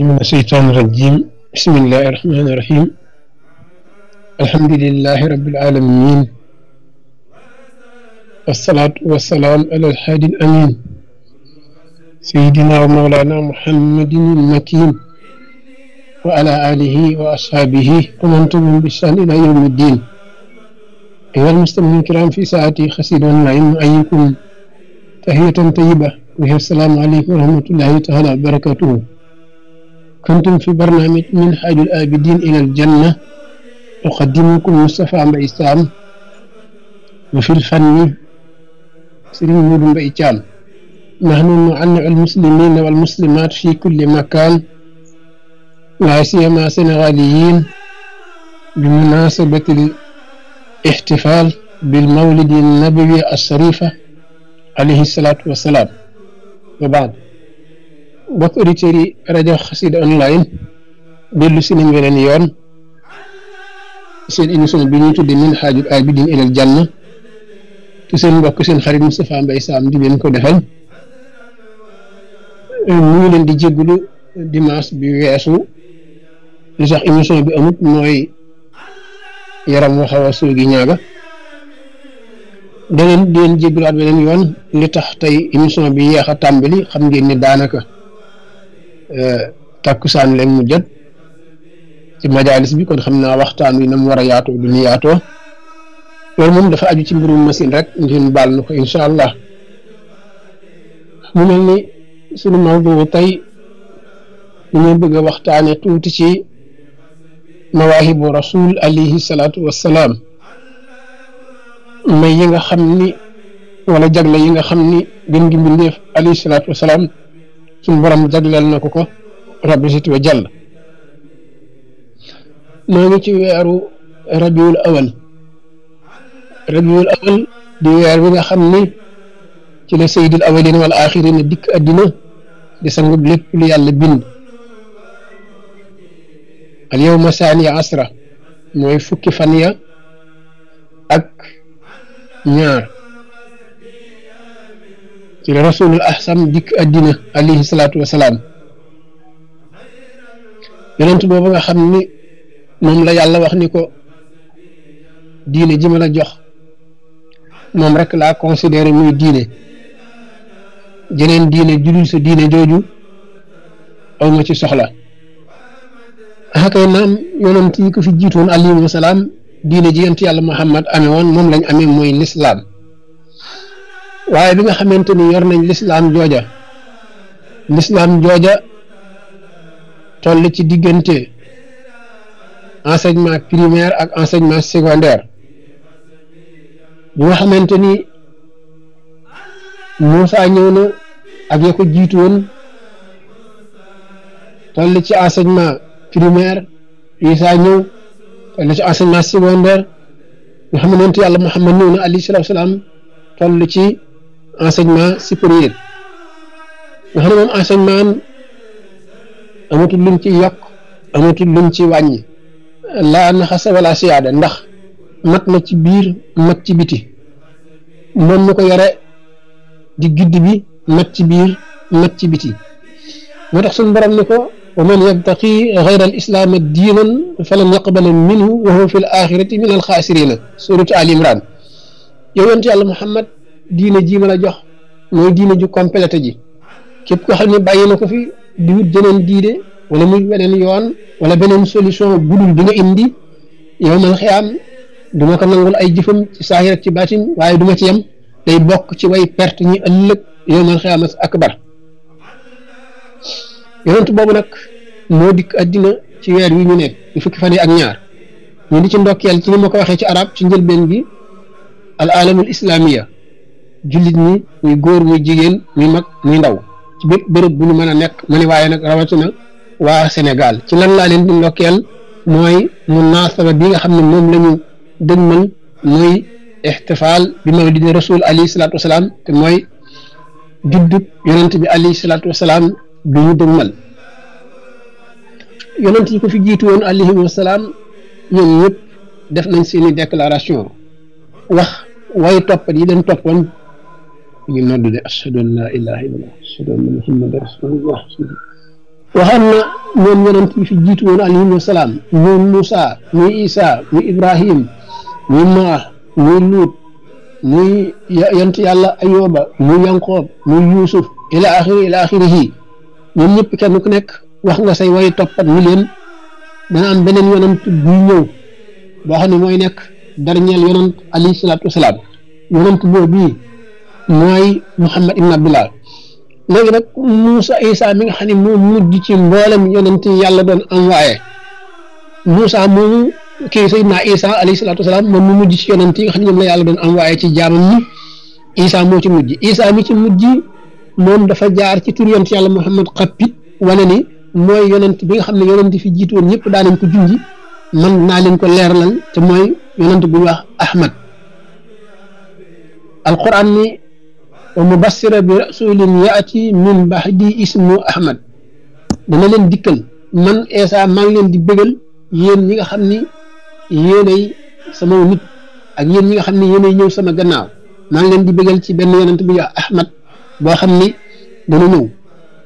من الشيطان الرجيم بسم الله الرحمن الرحيم الحمد لله رب العالمين والصلاة والسلام على الحادي الأمين سيدنا ومولانا محمد المكين وعلى آله وأصحابه ومن تبعهم بالشأن إلى يوم الدين أيها المستمعين الكرام في ساعتي خسير ونعيم أيكم تحية طيبة وهي السلام عليكم ورحمة الله تعالى وبركاته كنتم في برنامج من حاج الآبدين إلى الجنة أقدمكم مصطفى مبي سام وفي الفن سيرين نور مبي جام نحن نعنع المسلمين والمسلمات في كل مكان لا سيما سنغاليين بمناسبة الاحتفال بالمولد النبوي الشريفة عليه الصلاة والسلام وبعد bokk auditeurs yi rajo Xassida online dellu si nañ weneen yoon seen émission bi ñu tudde min xaajul aay bi din ilal jànn te seen mbokk seen xarit Moustapha Mbaye Sam di leen ko defal muy leen di jéggulu dimanche bi weesu li sax émission bi amut mooy yaram wa xaw a soogi ñaaga da ngeen di leen yoon li tax tey émission bi yeex a tàmbali xam ngeen ni daanaka takkusaan leen mu jot ci majalis bi kon xam naa waxtaan wi na mu war a yaatoo du ñu yaatoo loolu moom dafa aju ci mbirum machine rek ngeen baal na ko incha allah mu mel ni sunu mawdu tey ñu ngi bëgg a waxtaane tuuti ci mawaahibu rasul alayhi salaatu wassalaam may yi nga xam ni wala jagle yi nga xam ni gën gi mbindeef alayhi salaatu wassalaam suñu borom jagleel na ko ko rabbi sit wa jàll maa ci weeru rabiul awal rabiul awal di weer bi nga xam ne ci la sayyidul awalin wal axirin dikk addina di sangub lépp yàlla bind al yawma saaniya asra mooy fukki fan ya ak ñaar ci la rasulul ahsam dikk addina alayhi salaatu wasalaam yonent boobu nga xam ni moom la yàlla wax ni ko diine ji ma jox moom rek laa considéré muy diine jeneen diine judul sa diine jooju aw ma ci soxla axakay naam yonent yi ko fi jiitoon alayhi salaam diine ji yonent yàlla muhammad amee woon moom lañ amee mooy lislaam waaye bi nga xamante ni yor nañ lislaam jooja lislaam jooja toll ci diggante enseignement primaire ak enseignement secondaire bi nga xamante ni Moussa ñëw na ak ya ko jiitu woon toll ci enseignement primaire Isa ñëw toll ci enseignement secondaire nga xamante yàlla Muhammad ñëw na alayhi salaam toll ci enseignement supérieur nga xam ne moom enseignement am amatul luñ ci yokk amatul luñ ci wàññi laa naxasa wala siyaada ndax mat na ci biir mat ci biti moom ñu ko yore di gidd bi mat ci biir mat ci biti moo tax suñ borom ni ko wa man yabtaqi gayra al islaama diinan falan yaqbala minhu wa huwa fi l axirati min al xaasirina suratu diine ji ma la jox mooy diine ju complété ji képp koo xam ne bàyyi na ko fi di wut beneen diine wala muy beneen yoon wala beneen solution budul bi nga indi yow man xiyaam du ma ko nangul ay jëfam ci saahir ci baatin waaye du ma ci yem day bokk ci way perte ñi ëllëg yow man xiyaam akbar yonent boobu nag moo dikk dina ci weer wi ñu nekk di fukki fan yi ak ñaar ñu di ci ndokkeel ci ni ma ko waxee ci arab ci njëlbeen gi al alamul islamiya jullit ñi muy góor muy jigéen muy mag muy ndaw ci bépp bërëb bu ñu mën a nekk mu ne waaye nag rawatina waa Sénégal ci lan laa leen di ndokkeel mooy munaasaba bi nga xam ne moom la ñu dëgmal muy ixtifaal bi mawlidi rasul alayhi salaatu wasalaam te mooy juddub yonent bi alayhi salaatu wasalaam bi ñu dëgmal yonent yi ko fi jiitu woon alayhim wasalaam ñoom ñëpp def nañ seeni déclaration wax way toppat yi leen toppoon ñu noddu de ashadu an laa ilaha illallah ashadu anna muhammadan rasulullah fi jiitu woon alayhim wasalaam muy Moussa Ibrahim muy Nuux muy Luut muy yonent yàlla Ayooba muy Yanqoob muy Yuusuf ila axiri ila axirihi ñoom kenn ku nekk wax nga say way toppat ñu leen dana am beneen yonent buy ñëw boo xam ne mooy nekk dernier yonent alayhi salaatu mooy Muhammad ibn Abdullah léegi nag Moussa Isa mi nga xam ne moo mujj ci mboolem yonent yàlla doon envoyé Moussa moomu kii Seydina Isa alayhi salaatu wasalaam moom mu mujj ci yonent yi nga xam ne ñoom la yàlla doon envoyé ci jaamam ñi Isa moo ci mujj isaa mi ci mujj moom dafa jaar ci tur yonent yàlla Muhammad xappi wane ni mooy yonent bi nga xam ne yonent fi jiitu woon ñëpp daanañ ko junji man naa leen ko leeralal te mooy yonent bu ñuy wax Ahmad alquran ni wa mubassira bi rasulin yaati min baxdi ismu ahmad dana leen dikkal man Isa maa ngi leen di bëggal yéen ñi nga xam ni yéenay sama nit ak yéen ñi nga xam ni yéenay ñëw sama gannaaw maa ngi leen di bëggal ci benn yonent bu ya ahmad boo xam ni dana ñëw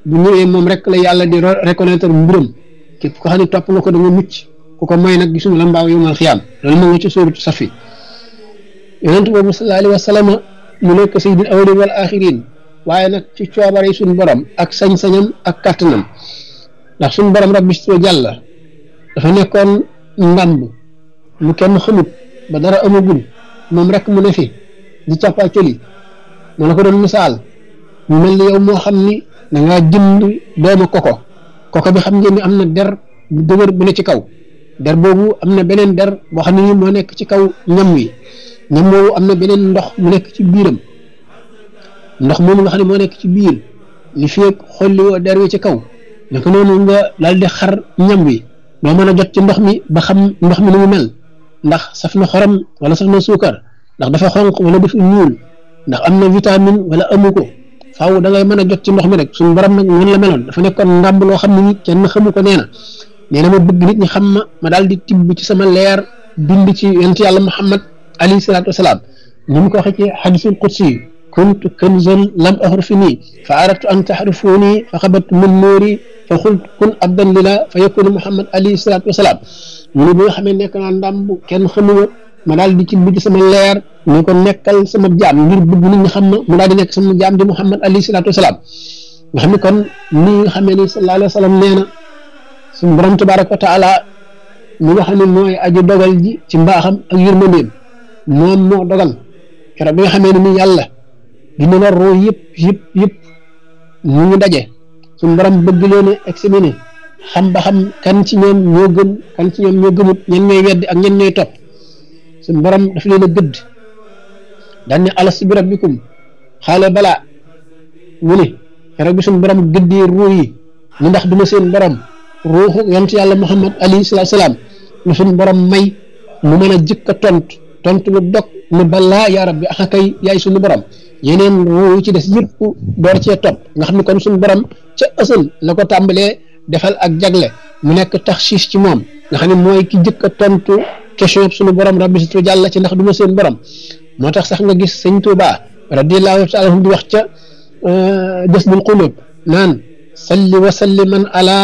bu ñëwee moom rek la yàlla di reconnaître mbiram képp ko xam ne topp nga ko da nga mucc ku ko mooy nag gisuñu la mbaaw yomal xiyaam loolu moo nga ci sóoratu safi yonent boobu sallallahu alayhi wa mu nekk sayyidul awwalin wal axirin waaye nag ci coobare suñ borom ak sañ-sañam ak kàttanam ndax suñ borom rabbi soo jàlla dafa nekkoon ndàmb lu kenn xamut ba dara amagul moom rek mu ne fi di càppaa coli ma la ko doon misaal mu mel ni yow moo xam ni da ngaa jënd doomu koko koko bi xam ngeen ni am na der bu dëgër bu ne ci kaw der boobu am na beneen der boo xam ne ni moo nekk ci kaw ñam wi ñam moomu am na beneen ndox mu nekk ci biiram ndox moomu nga xam moo nekk ci biir li feeg xolli woo der wi ci kaw naka noonu nga daal di xar ñam wi doo mën a jot ci ndox mi ba xam ndox mi nu mu mel ndax saf na xorom wala saf na suukar ndax dafa xonq wala dafa ñuul ndax am na vitamine wala amu ko faaw da ngay mën a jot ci ndox mi rek suñu borom nag noonu la meloon dafa nekkoon ndàmb loo xam ne ni kenn xamu ko nee na nee na ma bëgg nit ñi xam ma ma daal di tibb ci sama leer bind ci yonent yàlla Muhammad alayhi salaatu wasalaam ni mu ko waxee ci xadisul qudsi kuntu kanzan lam axrufi nii fa aradtu an taxrifuuni fa xabat min nuuri fa xult kun abdan lillah fa yakunu muhammad alayhi salaatu wasalaam mu ne bi nga xamee nekk naa ndàmb kenn xamuma ma daal di ci bugg sama leer ñu ko nekkal sama jaam ngir bëgg nit ñi xam ma mu daal di nekk sama jaam di muhammad alayhi salaatu wasalaam nga xam ne kon ni nga xamee ni sallallahu alayhi wa sallam nee na suñu borom tabaraka wa taala mi nga xam ne mooy aju dogal ji ci mbaaxam ak yërmandeem moom mo dogal keroog bi nga xamé ni yalla di mën a ruu yépp yépp yëpp ñu ngi dajé sun borom bëgg leen examiner xam ba xam kan ci ñoom ñoo gëm kan ci ñoom ñoo gëmut ñen ñooy weddi ak ñen ñooy top sun borom daf leen gëdd daan ni alastu bi rabbikum xaale bala mu ni keroog bi sun borom gëddi ruu yi lu ndax duma seen borom ruuxu yent yalla muhammad alayhi wasallam lu borom may mu mëna jikko tontu. tontu lu dog ne balaa yaa rabbi axa kay yaay suñu borom yeneen yu ci des yëpp door cee topp nga xam ne kon suñu borom ca ësal la ko tàmbalee defal ak jagle mu nekk tax taxsiis ci moom nga xam ne mooy ki jëkk a tontu question yëpp suñu borom rabbi situ jàlla ci ndax du ma seen borom moo tax sax nga gis sëñ Tuubaa radiyallaahu taala di wax ca jasbul euh, qulub naan salli wa salliman ala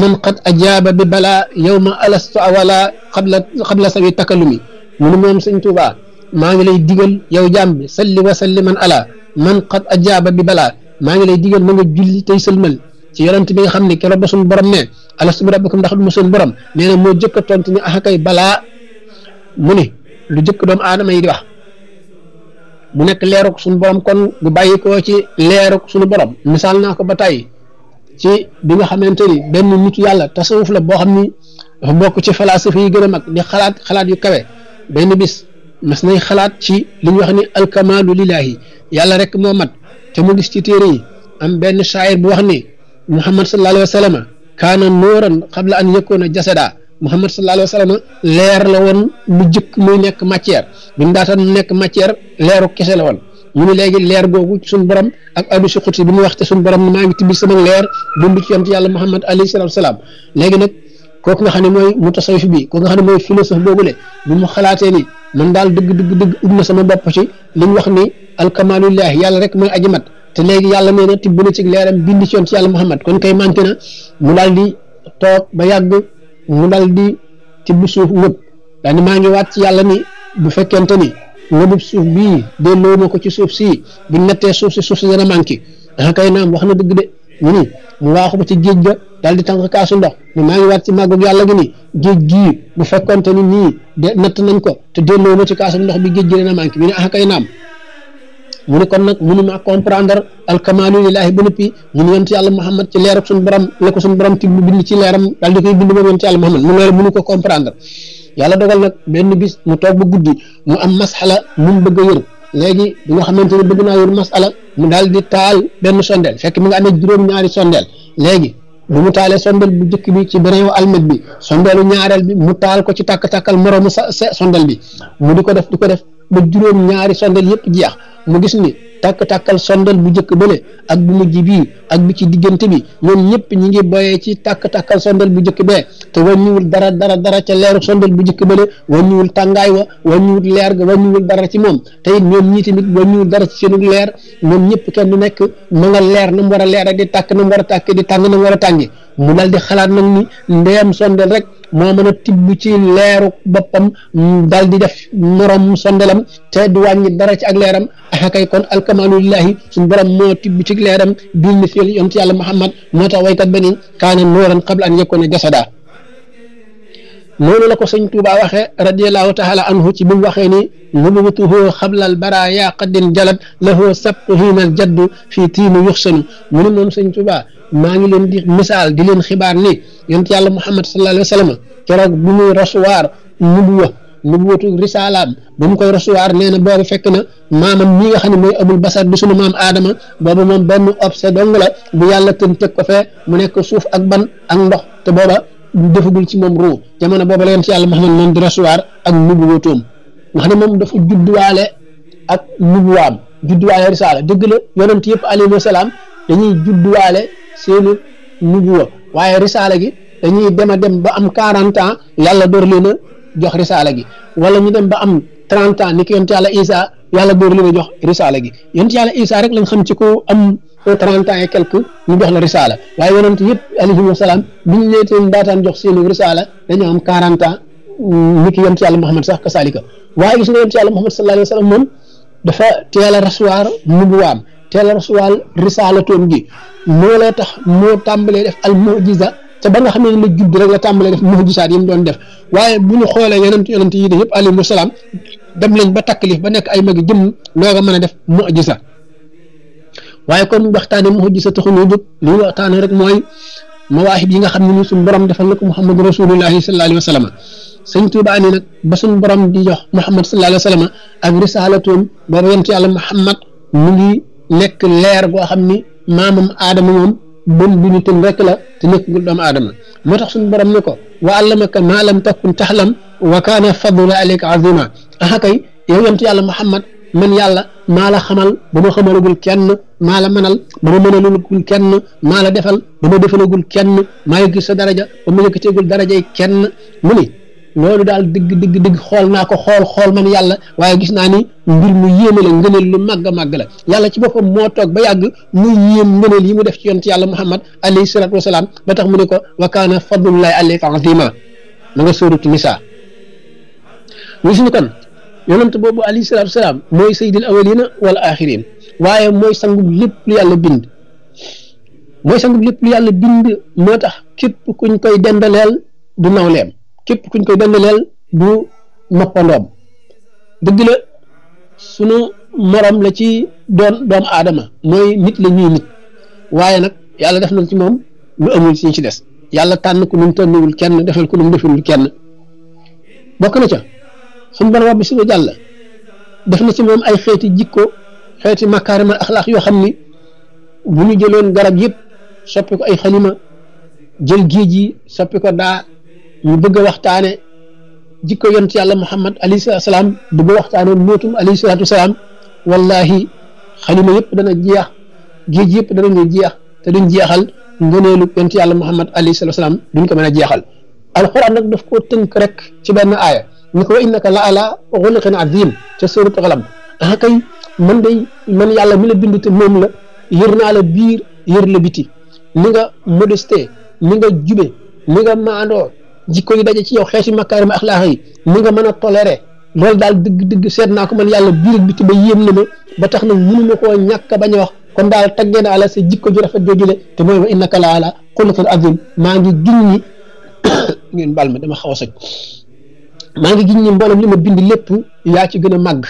man qad ajaaba bi balaa yawma alastu awala qabla qabla sawi takalumi mu ne moom sëñ Tuubaa maa ngi lay digal yow jaam bi salli wa man ala man a ajaaba bi balaa maa ngi lay digal ma nga julli tey sëlmal ci yonent bi nga xam ne keroog suñu borom ne alastu bi rabbikum ndax du mu seen borom nee na moo jëkk ni ah kay balaa mu ne lu jëkk doomu aadama yi di wax nekk leeruk suñu borom kon bu bàyyi koo ci leeruk suñu borom misaal naa ko ba tey ci bi nga xamante ni benn nitu yàlla tasawuf la boo xam ni dafa bokk ci falaasifa yi gën a mag di xalaat xalaat yu kawe. benn bis mas nay xalaat ci li ñu wax ni alkamaalu lillaahi yàlla rek moo mat te mu gis ci téere yi am benn shaayir bu wax ni muhammad sallallahu alayhi wa sallam kaana nooran qabla an yakuna jasada muhammad sallallahu alayhi wa sallam leer la woon lu jëkk muy nekk matière bi mu daata nekk matière leeru kese la woon mu ne léegi leer googu suñ borom ak addisi xutsi bi mu wax te suñ borom maa ngi tibbi sama leer dund ci yam ci yàlla muhammad alayhi salaatu wa salaam léegi nag kooku nga xam ne mooy mutasawif bi kooku nga xam ne mooy philosophe boobule bi mu xalaatee ni man daal dëgg dëgg dëgg sama bopp ci li mu wax ni alkamalullahi yàlla rek mooy aji mat te yàlla nee na tibb na ci leeram bind ci yoon ci yàlla Muhammad kon kay manqué na mu daal di toog ba yàgg mu daal di tibb suuf ngëb daal maa ngi waat ci yàlla ni bu fekkente ni ngëbub suuf bii delloo ma ko ci suuf si bu nettee suuf si suuf si dana manqué ah kay naam wax na dëgg de. mu ni mu waaxu ba ci géej ga daal di tànk kaasu ndox ni maa ngi waat ci màggug yàlla gi ni géej gii bu fekkonte ni nii de natt nañ ko te delloo ma ci kaasu ndox bi géej gi dina manqué mu ko ah kay naam mu ne kon nag mënuma comprendre alkamaalu lillaahi ba noppi mu ne yonent yàlla Muhammad ci leeram suñu borom la ko suñu borom ti bind ci leeram daal di koy bind moom yonent yàlla Muhammad mu loolu mënu ko comprendre yàlla dogal nag benn bis mu toog ba guddi mu am masxala mu bëgg yër léegi bi nga xamante ne bëgg naa yor masala mu daal di taal benn sondeel fekk mi nga amee juróom-ñaari sondeel léegi bu mu taalee sondeel bu njëkk bi ci beneen wu almet bi sondeelu ñaareel bi mu taal ko ci tàkk-tàkkal moroomu sa sondeel bi mu di ko def di ko def ba juróom-ñaari sondeel yëpp jeex mu gis ni tàkk-tàkkal sondal bu njëkk bële ak bu mujj bi ak bi ci diggante bi ñoom ñëpp ñu ngi boyee ci tàkk-tàkkal sondal bu njëkk be te wàññiwul dara dara dara ca leeru sondal bu njëkk bële wàññiwul tàngaay wa wàññiwul leer ga wàññiwul dara ci moom te it ñoom ñii tamit wàññiwul dara ci seenu leer ñoom ñëpp kenn nekk ma nga leer na mu war a leer ak di tàkk na mu a tàkk di tàng na mu war a tàngi mu dal xalaat nag ni ndeem sondal rek moo mën a tibb ci leeru boppam dal di def morom sondalam te du wàññi dara ci ak leeram axakay kon alkamalu lillahi suñu borom moo tibb ci leeram bil misli yonent yàlla Muhammad moo tax waykat beneen kaana nuuran qabla an yakuna jasada noonu la ko sëñ Tuubaa waxee radiallahu taala anhu ci bi mu waxee ni nubugtuhu xablal bara yaa qaddin jalat lahu sabqu hiinal jaddu fii tiinu yuxsanu mu ne moom sëñ Tuubaa maa ngi leen di misaal di leen xibaar ni yonent yàlla Muhammad sallallahu alayhi wa sallam keroog bi muy recevoir nubuwa nubuwatu risaalaam ba mu koy recevoir nee na boobu fekk na maamam mi nga xam ne mooy abul basar di sunu maam aadama boobu moom benn obse dong bu yàlla tën teg ko fee mu nekk suuf ak ban ak ndox te defagul ci moom ruu jamono boobu la ci yàlla Muhammad moom di recevoir ak nubuwatoom nga xam ne moom dafa judduwaale ak nubuwaam judduwaale risaala dëgg la yonent yëpp alayhi salaam dañuy judduwaale seeni nubuwa waaye risaala gi dañuy dem a dem ba am 40 ans yàlla door leen a jox risaala gi wala ñu dem ba am 30 ans ni ko yonent yàlla Isa yàlla door jox risaala gi yonent yàlla Isa rek lañ xam ci ko am. trente ans et quelque ñu jox la risaala waaye yonent yëpp alayhim wasalaam biñ leen daataan jox seeni risaala dañoo am quarante ans ni ki yem ci yàlla Muhammad sax kasaalika waaye gis nga yem ci yàlla Muhammad sallallahu alayhi wa sallam moom dafa teel a rasuwaar nubuwaam teel a rasuwaar risaalatoom gi moo la tax moo tàmbalee def al mujiza te ba nga xam ne la judd rek la tàmbalee def mujisaat yi mu doon def waaye bu ñu xoolee yonent yonent yi de yëpp ba taklif ba nekk ay magi jëm looga mën a def mujisa waaye kon waxtaane mu'jiza taxul ñu jóg li ñu waxtaane rek mooy mawaahib yi nga xam ne ni suñu borom defal na ko Muhammad rasulullahi sallallahu alayhi wa sallam sëñ Tuubaa ni nag ba suñu borom di jox Muhammad sallallahu alayhi wa sallam ak risalatoom booba yent yàlla Muhammad mu ngi nekk leer goo xam ni maamam aadama moom bën bi ñu tën rek la te nekkul doomu aadama moo tax suñu borom ne ko wa allamaka maa lam takun taxlam wa kaana fadlu alayka azima aha kay yow yent yàlla Muhammad man yàlla maa la xamal ba ma xamalagul kenn maa la mënal ba ma mënalagul kenn maa la defal ba ma defalagul kenn maa yëkkati sa daraja ba ma yëkkateegul darajay kenn mu ni loolu daal digg digg xool naa ko xool xool man yàlla waaye gis naa ni mbir mu yéeme la lu màgg a màgg la yàlla ci boppam moo toog ba yàgg mu yéem ngëneel yi mu def ci yonent yàlla muhammad alayhi salaatu wasalaam ba tax mu ne ko wa kaana fadlullahi alayka azima ma nga sóoratu nisaa gis ni kon yonent boobu alayhi salaatu salaam mooy sayyidil awalina wal axirin waaye mooy sangub lépp lu yàlla bind mooy sangub lépp lu yàlla bind moo tax képp kuñ koy dendaleel du nawleem képp kuñ koy dendaleel du moppandoom dëgg la sunu morom la ci doon doomu aadama mooy nit la ñuy nit waaye nag yàlla def na ci moom lu amul ci ci des yàlla tànn ku nu mu tànniwul kenn defal ku nu mu defalul kenn bokk na ca. suñu borom bi suñu jàll def na ci moom ay xeeti jikko xeeti makaarima axlaax yoo xam ni bu ñu jëloon garab yëpp soppi ko ay xalima jël géej yi soppi ko daa ñu bëgg a waxtaane jikko yont yàlla muhammad alayhi salaatu salaam bëgg a waxtaane mootum alayhi salaatu salaam wallahi xalima yëpp dana jeex géej yëpp dana ñu jeex te duñ jeexal ngëneelu yont yàlla muhammad alayhi salaatu salaam duñ ko mën a jeexal alxuraan nag daf koo tënk rek ci benn aaya ni ko wa innaka la ala xuliqin azim ca surat xalam ah kay man day man yàlla mi la bind te moom la yër naa la biir yër la biti ni nga modesté ni nga jube ni nga maandoo jikko yi daje ci yow xeeti makaarima axlaax yi ni nga mën a toléré loolu daal dëgg dëgg seet naa ko man yàlla biir ak biti ba yéem na ma ba tax na mënuma koo ñàkk a bañ wax kon daal taggee na ala sa jikko ju rafet joojule te mooy wa innaka la ala xuliqin azim maa ngi giñ ñi ngeen xaw a sëñ maa ngi giñ ni mboolem li ma bind lépp yaa ci gën a màgg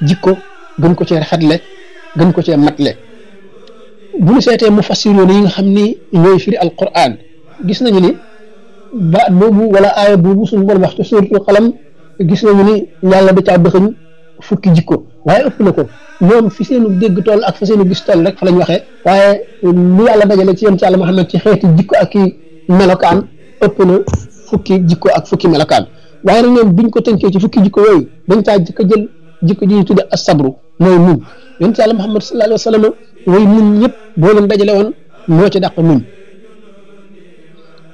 jikko gën ko cee rafetle gën ko cee le bu ñu seetee mu fassiroon yi nga xam ni ñooy firi alquran gis nañu ni baat boobu wala aaya boobu suñu bon wax gis nañu ni yàlla da caa dëxëñ fukki jikko waaye ëpp na ko ñoom fi seenu dégg tool ak fa seenu gis toll rek fa lañ waxee waaye lu yàlla dajale ci yéen ci yàlla Muhammad ci xeeti jikko ak melokaan ëpp na fukki jikko ak fukki melokaan waaye nag ñoom biñ ko tënkee ci fukki jikko yooyu dañ caa jëkk a jël jikko ji ñuy tudde asabru mooy muñ yonent yàlla Muhammad sallallahu alayhi wa sallam way muñ ñëpp boo leen dajale woon moo ci dàq muñ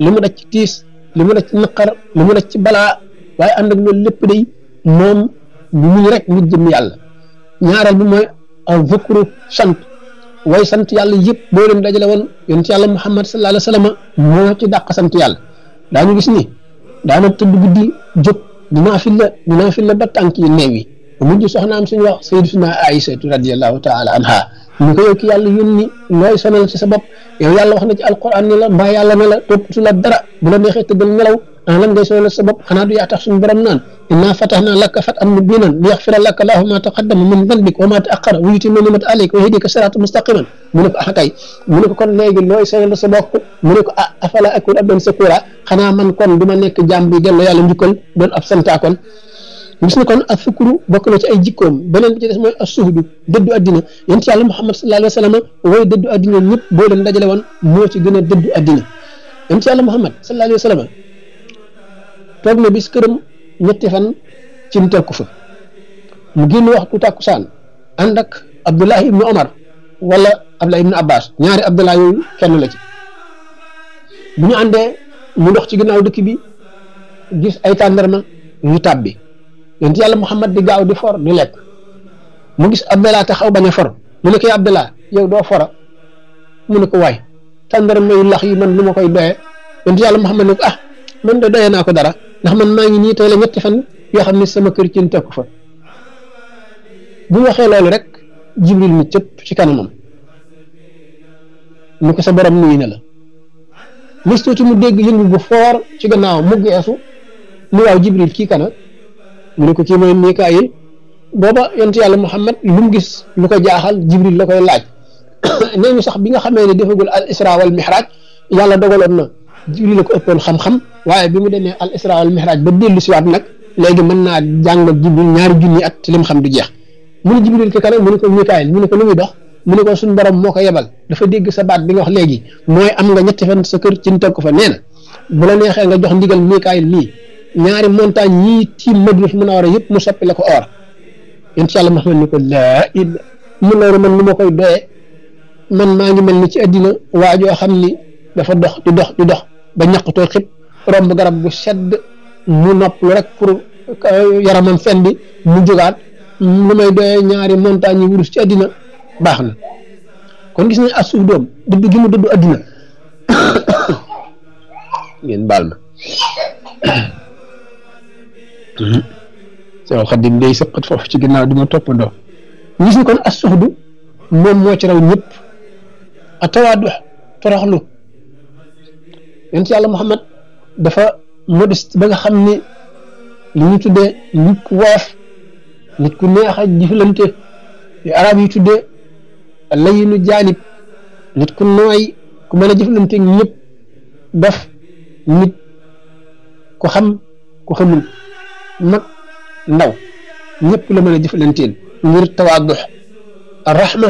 li mu daj ci tiis li mu daj ci naqar li mu daj ci balaa waaye ànd ak loolu lépp day moom bu muñ rek ngir jëm yàlla ñaareel bi mooy en vëkkuru sant way sant yàlla yëpp boo leen dajale woon yonent yàlla Muhammad sallallahu alayhi wa sallam moo ci dàq sant yàlla daañu gis daana tëdd guddi jóg di naafil la di naafil la ba tànk yi neew yi mujj soxnaam suñu wax sayyidatuna Aïsatu radiyallahu taala anha ni ko yow ki yàlla yónni sa bopp yow yàlla wax na ci alquran la mbaa yàlla ne la toppatu la dara bu la neexee tëddal nelaw ana lan sa bopp yaa tax suñu borom naan inna fatahna laka fatan mubinan li yaxfira laka lahu ma taqaddama min dhanbik wa ma ta'akhkhara wa yutimma ni'mata alayka wa yahdika siratan mustaqiman mu ko ah kay ko kon léegi nooy sonal sa bopp mu ne ko ah afala akun abdan shakura xanaa man kon du ma nekk jàmm bi delloo yàlla njukkal doon ab santaa kon gis na kon a sukuru bokk na ci ay jikkoom beneen bi ci des mooy ak suhdu dëddu addina yonent yàlla Muhammad sallallahu alayhi wa sallam way dëddu boo leen dajale woon moo ci gën a dëddu addina yonent yàlla Muhammad sallallahu alayhi wa sallam toog na bis këram ñetti fan ci mu teg ko fa mu génn waxtu tàkkusaan ànd ak Abdullahi ibnu Omar wala Abdullahi ibnu Abbas ñaari Abdullah yooyu kenn la ci bu ñu àndee mu dox ci ginnaaw dëkk bi gis ay tàndarma yu tàbbi yonent yàlla Muhammad di gaaw di for di lekk mu gis Abdallah taxaw bañ a for mu ne ko yow doo fora mu ne ko waay tàndara mayu lax yi man lu ma koy doyee yonent yàlla Muhammad ne ko ah man de doyee naa ko dara ndax man maa ngi nii tey la ñetti fan yoo xam ne sama kër ci tekku fa bu waxee loolu rek jibril mi cëpp ci kanamam ni ko sa borom nuyu ne la listuuti mu dégg yëngu bu foor ci gannaaw mu geesu ni waaw jibril kii kana mu ne ko kii mooy Mikaayil booba yonent yàlla Muhammad lu mu gis lu ko jaaxal Jibril la koy laaj nee ñu sax bi nga xamee ne defagul al isra wal mihraj yàlla dogaloon na Jibril la ko ëppoon xam-xam waaye bi mu demee al isra wal mihraj ba dellu siwaat nag léegi mën naa jàng ak Jibril ñaari junni at mu xam du jeex mu ne Jibril ki kanam mu ne ko Mikaayil mu ne ko lu muy dox mu ne ko suñ borom moo ko yebal dafa dégg sa baat bi nga wax léegi mooy am nga ñetti fan sa kër ci ñu teg ko fa nee na bu la neexee nga jox ndigal Mikaayil mii ñaari montagne yi ci fi munawara yep mu soppi lako or inshallah allah muhammad ni ko laa il munawara man lu ma koy doye man ma ngi melni ci adina waajo xamni dafa dox di dox di dox ba ñakato xit romb garab bu sedd mu nopp rek pour euh, yaramam fen bi mu jogat lu may doye ñaari montagne yi wurus ci adina baxna kon gis ni asuf dom doom dudd gi mu dudd àddina ngeen balma Mhm. soo xadim day sëqat foofu ci ginnaaw di ma toppandoo gis nga kon assuxdu moom moo ci raw ñëpp a tawaadu toroxlu yonent yàlla Muhammad dafa modeste ba nga xam ni li ñu tuddee nit ku woyof nit ku neex a jëflante yu arab yi tuddee layinu jaanib nit ku nooy ku mën a jëflante ñëpp def nit ku xam ku xamul mag ndaw ñëpp la mën a jëflanteel ngir tawaadux rahma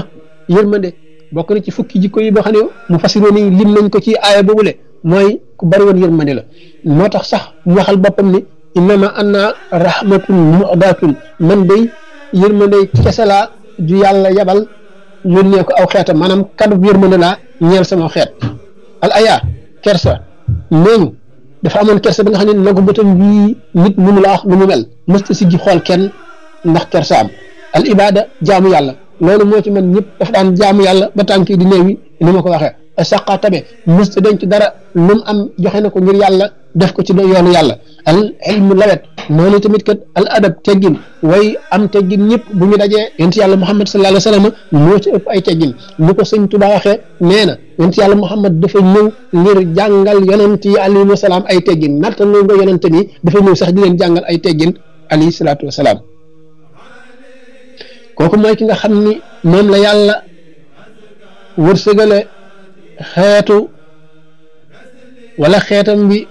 yërmande bokk na ci fukki jikko yi boo xam ne mu fasiroo ni lim nañ ko ci aaya boobule mooy ku bari woon yërmande la moo tax sax mu waxal boppam ni innama anna rahmatun mudaatun man day yërmande kese laa ju yàlla yabal ne ko aw xeetam maanaam kaddu yërmande laa ñeel sama xeet al aya kersa neeñu dafa amoon kersa ba nga xam ne nagu bëtam bii nit mënu laa wax nu mu mel mësta si ji xool kenn ndax kerse am al ibaada jaamu yàlla loolu moo ci mën ñëpp daf daan jaamu yàlla ba tànk di néew yi ni ma ko waxee sàqaa tabe mësta denc dara lu am joxe na ko ngir yàlla def ko ci yoonu yàlla al ilmu lawet noonu tamit kat al adab teggin way am teggin ñëpp bu ñu dajee yonent yàlla muhammad sallallahu alayhi wasallam moo ci ëpp ay teggin ni ko sëñ Tuubaa waxee nee na yonent yàlla muhammad dafa ñëw ngir jàngal yonent yi alayhi wasalaam ay teggin nattaloo nga yonent bi dafa ñëw sax di leen jàngal ay teggin alayhi salaatu wasalaam kooku mooy ki nga xam ni moom la yàlla wërsëgale xeetu wala xeetam bi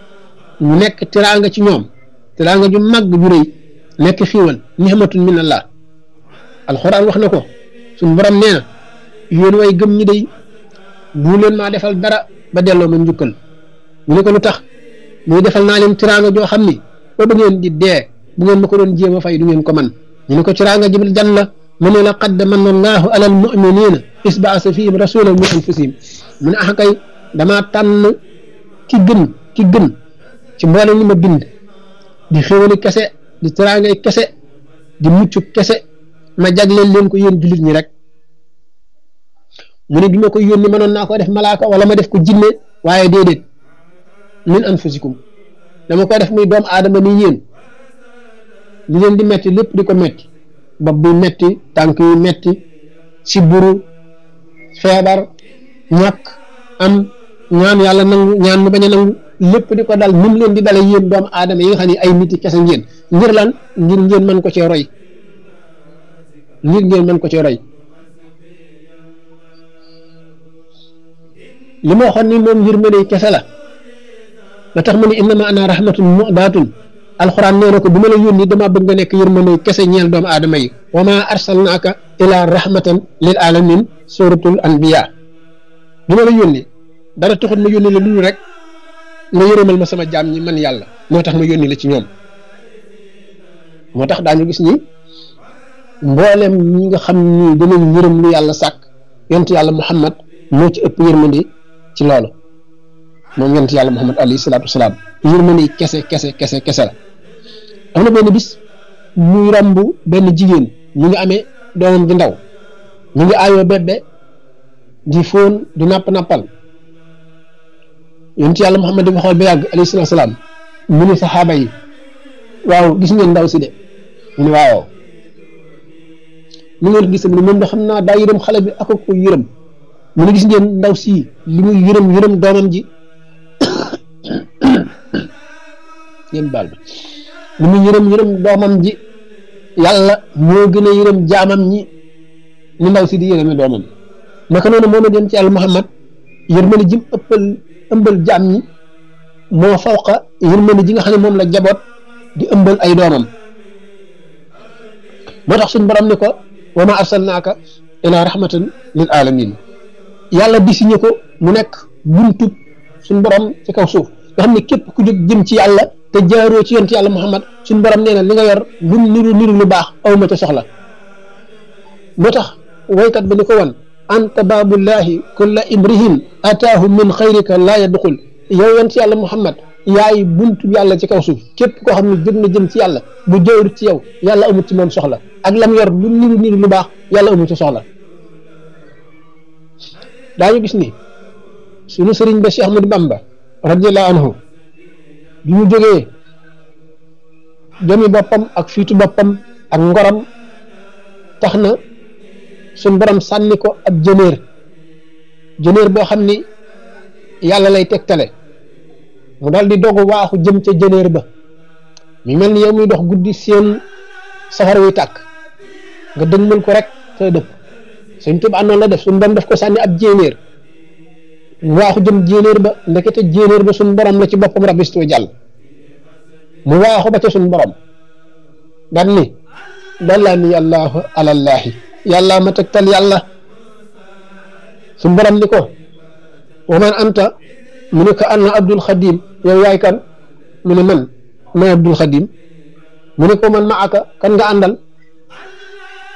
mu nekk teraanga ci ñoom teraanga ju màgg ju rëy nekk xiiwal nihmatun min allah alxuraan wax na ko suñ borom nee na yéen way gëm ñi day bu leen maa defal dara ba delloo ma njukkal ñu ne ko lu tax muy defal naa leen teraanga joo xam ni ba ba ngeen di dee bu ngeen ma ko doon jéem a fay du ngeen ko man ñu ne ko teraanga jibil jan la mu ne la qad manna allahu ala almuminina is baasa fihim rasulan min anfusihim mu ne ax ah kay damaa tànn ki gën ki gën ci mboolem li ma bind di xéwali kese di teraangay kese di mucc kese ma jagleel leen ko yéen jullit ñi rek mu ne bi ma ko yónni mënoon naa ko def malaaka wala ma def ko jinne waaye déedéet min anfusikum dama ko def muy doomu aadama ni yéen li leen di metti lépp di ko metti ba bi metti tànk yi metti siburu feebar ñàkk am ñaan yàlla nangu ñaan mu bañ a nangu lépp di ko dal ni leen di dale yéen doomu aadama yi nga ay nit yi kese ngeen ngir lan ngir ngeen mën ko cee roy ngir ngeen ko cee roy li ma waxoon ni moom yërmande kese la ba tax ma ne innama ana rahmatun mu'datun alxuraan nee ko bu ma la yónni dama bëgg nga nekk yërmande kese ñeel doomu aadama yi wa ma arsalnaaka ila rahmatan lil alamin suratul anbiya bu la yónni dara taxul ma yónni la lulu rek ma yërëmal ma sama jaam ñi man yàlla moo tax ma yónni la ci ñoom moo tax daañu gis ni mboolem ñi nga xam ni yërëm lu yàlla sàkk yàlla muhammad moo ci ëpp yërmande ci loolu moom yàlla muhammad alayhi salaatu wasalaam yërmande kese kese kese kese la am na benn bis muy romb benn jigéen ñu ngi amee doomam di ndaw ñu ngi aayoo di fóon di napp nappal yonti yalla muhammad Muhammad xool ba yàgg alayhi di salaam mu ni saxaaba yi waaw gis ngeen ndaw si de mu ne waaw mu ngeen gis mu ne moom da xam naa daa yërëm xale bi ak ko yërëm mu ne gis ngeen ndaw si li muy yërëm yërëm doomam ji ngeen bal bi li muy yërëm yërëm doomam ji yalla moo gën a yërëm jaamam ñi ni ndaw si di yërëme doomam naka noonu moo dem ci yàlla muhammad yërmande jim ëppal ëmbal jaam ñi moo fawqa yërmande ji nga xam ne moom la jaboot di ëmbal ay doomam moo tax suñ borom ni ko wa ma arsalnaaka ila rahmatan lil alamin yàlla di signé ko mu nekk buntub suñ borom ci kaw suuf nga xam ne képp ku jóg jëm ci yàlla te jaaroo ci yonent yàlla muhammad suñ borom nee na li nga yor lu niru niru lu baax awma ca soxla moo tax woykat bi ni ko wan anta baabullahi kulla imrihin ataahu min xayrika laa yadxul yow yonent yàlla muhammad yaay buntu yàlla ci kaw suuf képp koo xam ne jëm na jëm ci yàlla bu jëwru ci yow yàlla amul ci moom soxla ak lam yor lu niru lu baax yàlla amul ci soxla daañu gis ni sunu sëriñ ba Cheikh Ahmadou Bamba radiyallahu anhu bi mu jógee jëmi ak fiitu boppam ak ngoram tax suñ borom sànni ko ab jëneer jëneer boo xam ni yàlla lay tegtale mu daal di dogu waaxu jëm ca jëneer ba mu mel ni yow muy dox guddi seen safar wuy tàkk nga dëgmal ko rek sa dëpp suñ tub àndoon la def suñ borom def ko sànni ab jéenéer waaxu jëm jéenéer ba ndekete jéenéer ba suñ borom la ci boppam rabistoo jàll mu waaxu ba ca suñ borom dan ni dallaa ni allahu alallaahi yàllaa ma tegtal yàlla su borom ni ko wa man anta mu ne ko ana Abdul Xadim yow yaay kan mu ne man may Abdul Xadim mu ne ko man ma aka kan nga àndal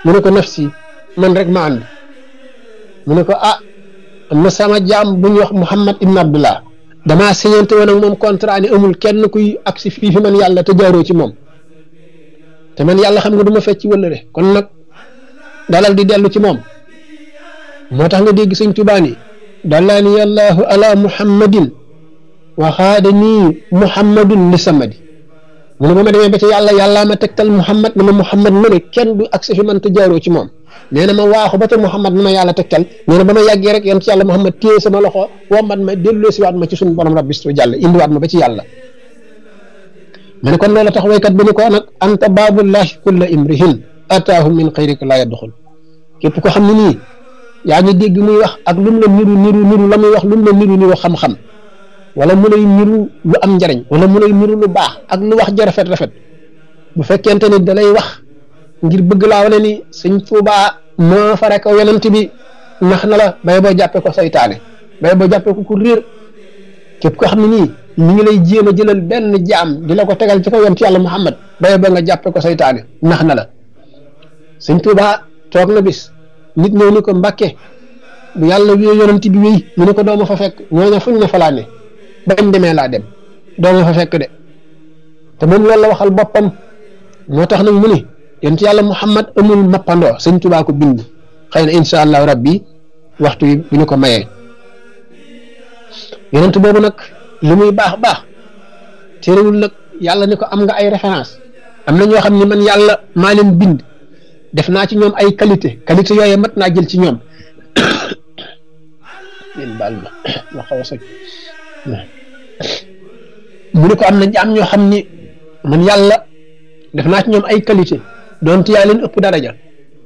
mu ne ko nafsi man rek ma ànd mu ne ko ah am na sama jaam bu ñuy wax Muhammad Ibn Abdullah damaa siñante woon ak moom contrat ni amul kenn kuy agsi fii fi man yàlla te jaaroo ci moom te man yàlla xam nga du fecc wala de kon nag. dalal di delu ci mom motax nga deg seigne touba ni dallani ala muhammadin wa xaada muhammadun li samadi mu ne ma demé ba ci yalla yalla ma tektal muhammad ne muhammad mo ne kenn du ak sa fi man ci mom neena ma waxu ba muhammad ma yalla tektal neena na yagge rek yam ci yalla muhammad tie sama loxo man ma delu ci wat ma ci sun borom rabbi su indi wat ma ya ba ci yalla mané kon loola tax kat bu ni ko nak anta lahi kulla imrihin ataahum min xayrika laa yadxul képp ko xam ne nii yaa ngi dégg muy wax ak lu mu la niru niru la muy wax lu mu la niru niru xam-xam wala mu lay niru lu am njariñ wala mu lay niru lu baax ak lu wax ja rafet rafet bu fekkente ni dalay wax ngir bëgg laa wane ni sëñ Tuubaa moo fare ko yonent bi nax na la bay boo jàppee ko seytaane bay ba jàppee ko ku réer képp ko xam ne nii ngi lay jéem a jëlal benn jaam di la ko tegal ci ko yonent yàlla Muhammad bay ba nga jàppee ko saytaane nax na la sëñ Tuubaa toog na bis nit ñëw ni ko mbakke bu yàlla wéy yonent bi wéy mu ne ko dooma fa fekk ñooña fuñ ne fa laa ne demee laa dem dooma fa fekk de te moom loolu la waxal boppam moo tax nag mu ne yonent yàlla Muhammad amul mappandoo sëñ Tuubaa ko bind xëy na incha allahu rabbi waxtu wi bu ñu ko mayee yonent boobu nag lu muy baax baax terewul nag yàlla ni ko am nga ay référence am na ñoo xam ne man yàlla maa leen bind def naa ci ñoom ay qualité qualité yooyu mat naa jël ci ñoom yéen baal xaw a soj mu ne ko am na am ñoo xam ni man yàlla def naa ci ñoom ay qualité donte yaa leen ëpp daraja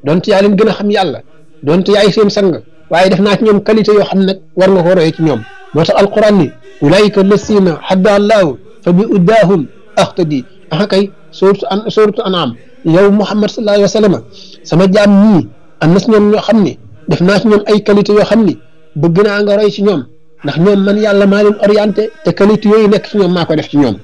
donte yaa leen gën a xam yàlla donte yaay seen sang waaye def naa ci ñoom qualité yoo xam nag war nga ko royee ci ñoom moo tax alquran ni ulaayika lasina hadda allahu fa bi uddahum axtadi axa kay suuratu an suuratu anam yow Muhammad wa sallam sama jaam ñii am na si ñoom ñoo xam ni def naa si ñoom ay qualité yoo xam ni bëgg naa nga roy si ñoom ndax ñoom man yàlla maa leen orienté te qualité yooyu nekk si ñoom maa ko def ci ñoom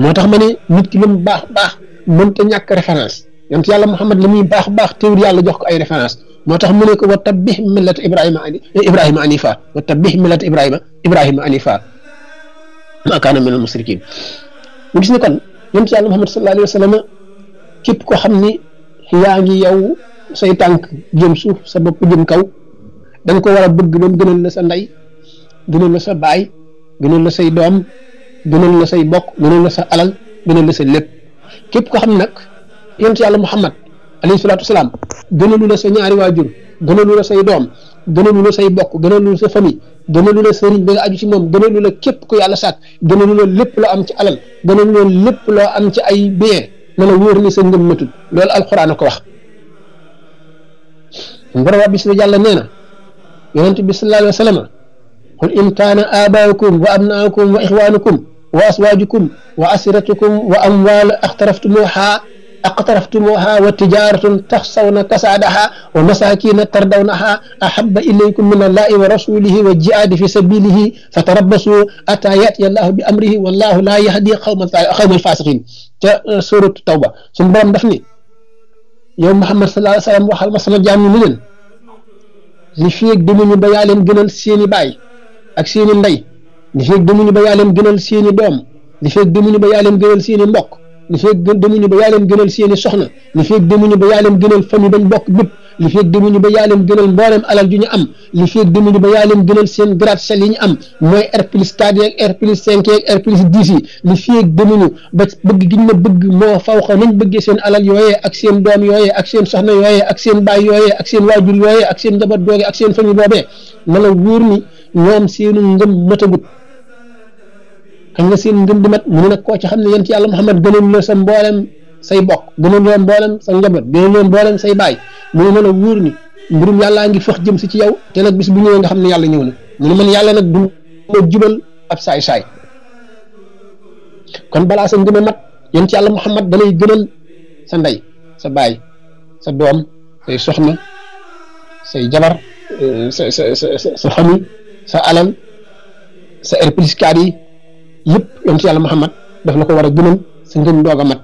moo tax ma ne nit ki lu mu baax baax mënta ñàkk référence yant yàlla Muhammad li muy baax baax teewul yàlla jox ko ay référence moo tax mu ne ko wa tabbih millata Ibrahima eh, Ibrahima anifa wa tabbih millata Ibrahima Ibrahima anifa ma kaana minal mushrikin mu gis ne kon yant yàlla Muhammad sallallahu kep ko xamni yaangi yow say tank jëm suuf sa bop jëm kaw da nga ko wara bëgg ba gënal la sa nday gënal la sa bay gënal la say dom gënal la say bok gënal la sa alal gënal la sa lepp kep ko xam nak yonent yalla muhammad alayhi salaatu salaam gënalu la sa ñaari wajur gënalu la say dom gënalu la say bok gënalu la sa fami gënalu la sëriñ bi nga aju ci mom gënalu la kep ko yalla sàkk gënalu la lepp lo am ci alal gënalu la lepp lo am ci ay bien na la ni sa ngëm matut loolu alquran ko wax ngor wa na yàlla neena na bi sallallahu alayhi wasallam qul in kana abaakum wa abnaakum wa ixwaanukum wa aswaajukum wa asiratukum wa amwaal akhtaraftumuha أقترفتموها وتجارة تخصون كسادها ومساكين تردونها أحب إليكم من الله ورسوله والجهاد في سبيله فتربصوا أتى يأتي الله بأمره والله لا يهدي قوم قوم الفاسقين سورة التوبة ثم برام دفني يوم محمد صلى الله عليه وسلم وحال مصر جامي ملن لفيك feeg بيالين ba سيني باي gënal seeni baay ak seeni ndey li feeg demuñu ba yaa leen gënal seeni doom li feeg gën demuñu ba yaa leen gënal seeni soxna li feeg demuñu ba yaa leen gënal famille bañ bokk bépp li feeg demuñu ba yaa leen gënal mbooleem alal ju am li feeg ba yaa leen gënal seen grade sel am mooy R plus 4 yeeg R plus 5 yeeg R plus ba bëgg giñ ma bëgg moo faw xa nañ bëggee seen alal yooyee ak seen doom yooyee ak seen soxna yooyee ak seen baay yooyee ak seen waajur yooyee ak seen njaboot doogee ak seen famille boobee na la wóor ni ñoom seenu ngëm matagut xam nga seen ngëm di mat mu ne nag koo ci xam ne yéen ci yàlla Muhammad gënoon la sa mboolem say bokk gënoon la mboolem sa njaboot gënoon mboolem say baay mu ne mën a wóor ni mbirum yàllaa ngi fex jëm si ci yaw te nag bis bu ñëwee nga xam ne yàlla ñëw na mu ne man yàlla nag du ma jubal ab saay-saay kon balaa sa ngëm a mat yéen ci yàlla Muhammad dalay gënal sa ndey sa baay sa doom say soxna say jabar eh, sa sa sa sa famille sa alal sa air plus yëpp yonent yàlla Muhammad daf la ko war a gënal sa ngëm doog a mat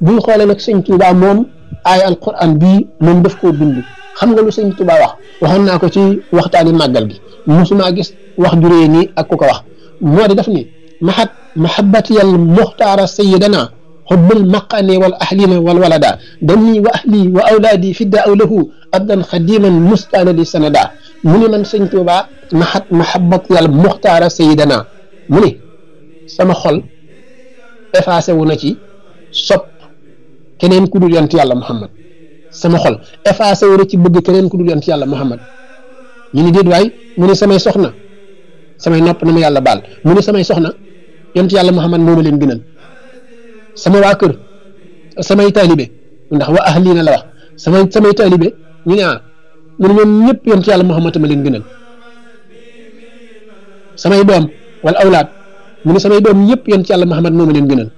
bu ñu xoolee nag sëñ Tuubaa moom aaya alquran bii moom daf ko dund xam nga lu sëñ Tuubaa wax waxoon naa ko ci waxtaani màggal gi mosumaa gis wax juree nii ak ku ko wax moo di daf ni maxat mahabatiyal muxtaara sayidana xubbal maqane wal ahlina wal walada danii wa ahli wa awlaadi fidda aw lahu abdan xadiman mustaana di sanada mu ni man sëñ Tuubaa maxat mahabatiyal muxtaara sayidana mu ne sama xol effacé wu na ci sopp keneen ku dul yonent yàlla Muhammad sama xol effacé wu na ci bëgg keneen ku dul yonent yàlla Muhammad ñu ni déet waay mu ne samay soxna samay nopp na ma yàlla baal mu ne samay soxna yonent yàlla Muhammad moo ma leen gënal sama waa kër samay taalibe ndax wa ahlina la wax samay samay taalibe ñu ne ah mu ne ñoom ñëpp yonent yàlla Muhammad leen gënal samay doom wala awlaad mu ne samay doom yëpp yéen ci yàlla Muhammad moomu leen gënal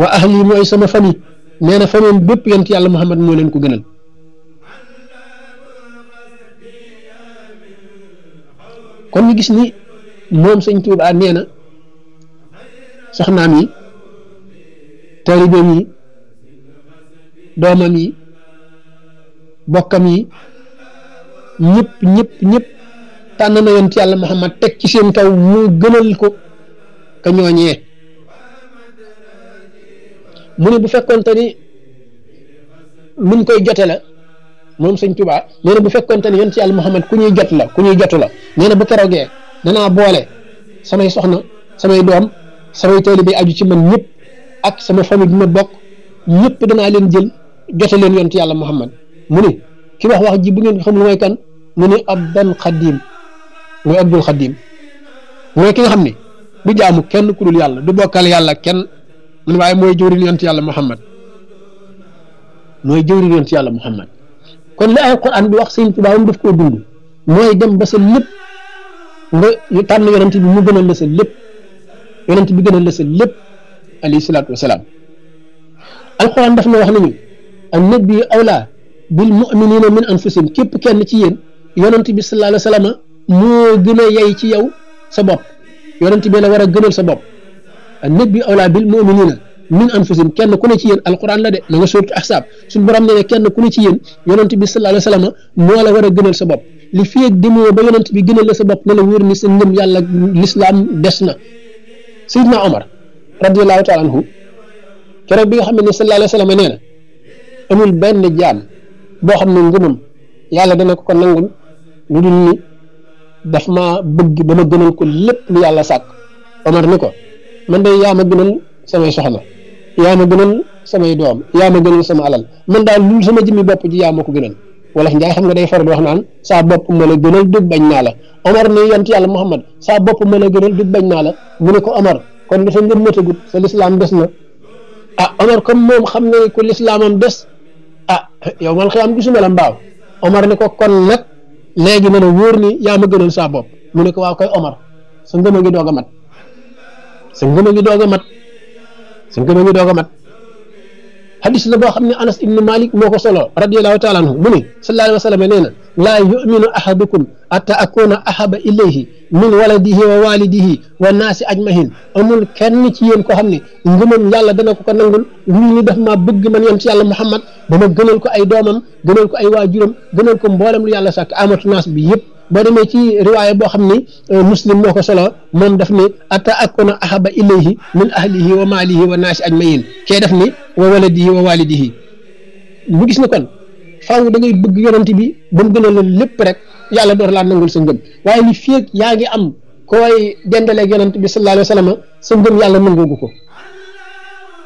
wa ahli mooy sama famille nee na bépp yéen ci yàlla Muhammad moo leen ko gënal kon ñu gis ni moom sëñ Tuubaa nee na soxnaam yi taalibeem yi doomam yi bokkam yi ñëpp ñëpp ñëpp tànn na yoon ci yàlla Muhammad teg ci seen kaw mu gënal ko ka ñooñee mu ne bu fekkonte ni luñ koy jote la moom sëñ Tuubaa nee na bu fekkonte ni yoon ci yàlla Muhammad ku ñuy jot la ku ñuy jot la nee na bu kerogee danaa boole samay soxna samay doom samay bi aju ci man ñëpp ak sama famille bi ma bokk ñëpp danaa leen jël jote leen yoon ci yàlla Muhammad mu ne ki wax wax ji bu ngeen xam lu mooy kan mu ne abdan mooy abdul xadim mooy ki nga xam ne du jaamu kenn ku dul yàlla du bokkal yàlla kenn mun waaye mooy jëwriñ yonent yàlla muhammad mooy jëwriñ yonent yàlla muhammad kon li ay quran bi wax sëñ Tuubaa daf koo dund mooy dem ba sa lépp nga tànn yonent bi mu gën a la sa lépp yonent bi gën a la sa lépp alayhi salaatu wasalaam alquran daf na wax nañu an nabi awla bil muminina min anfusihim képp kenn ci yéen yonent bi sallallahu alayhi wa sallam moo gën a yey ci yow sa bopp yonent bi la war a gënal sa bopp nit bi awlaa bil muminina min anfusihim kenn ku ne ci yéen alquran la de na nga suurtu ahsaab suñu borom ne ne kenn ku ne ci yéen yonent bi sallallahu alayhi moo la war a gënal sa bopp li fii ak demoo ba yonent bi gënal la sa bopp na la wóor ni sa ngëm yàlla lislaam des na Seydina Omar radiyallahu taala anhu keroog bi nga xam ne sallallahu alayhi wasallam nee na amul benn jaam boo xam ne ngëmam yàlla dana ko daf maa bëgg dama gënal ko lépp lu yàlla sàkk Omar ni ko man de yaa ma gënal samay soxna yaa ma gënal samay doom yaa ma gënal sama alal man daal lu sama jëmmi bopp ji yaa ma ko gënal wala njaay xam nga day faral di wax naan saa bopp ma la gënal dug bañ naa la la gënal mu ne ko Omar kon dafa ngeen métagut sa lislaam des na ah Omar comme moom xam ne ko lislaamam des ah yow man xëy am gisuma la mbaaw Omar ni ko kon nag léegi ma ne wóor ni yaa ma gënal saa bopp mu ne ko waaw koy Omar sa ngëm a ngi doog a mat sa ngëm a ngi doog mat sa ngëm a ngi mat hadis la boo xam ne anas ibnu malik moo ko solo radiallahu taala anhu mu ne sallallahu alayhi wa sallam nee na laa yuminu ahadukum atta akuna ahaba ilayhi min waladihi wa walidihi wa naasi ajmahin amul kenn ci yéen koo xam ne ngëmam yàlla dana ko ko nangul lii ni daf maa bëgg man yam ci yàlla muhammad ba ma gënal ko ay doomam gënal ko ay waajuram gënal ko mboolem lu yàlla sàkk amatu naas bi yëpp bo demee ci riwaaya boo xam ni muslim moo ko solo moom daf ni ata akuna ahaba ilayhi min ahlihi wa malihi wa naasi ajmain kee daf ni wa waladihi wa walidihi mu gis ne kon faaw da ngay bëgg yonent bi ba mu gën a lépp rek yàlla door laa nangul sa ngëm waaye li fii yaa ngi am koy dendaleeg yonent bi sallallahu alayhi wa sallam sa ngëm yàlla nangoogu ko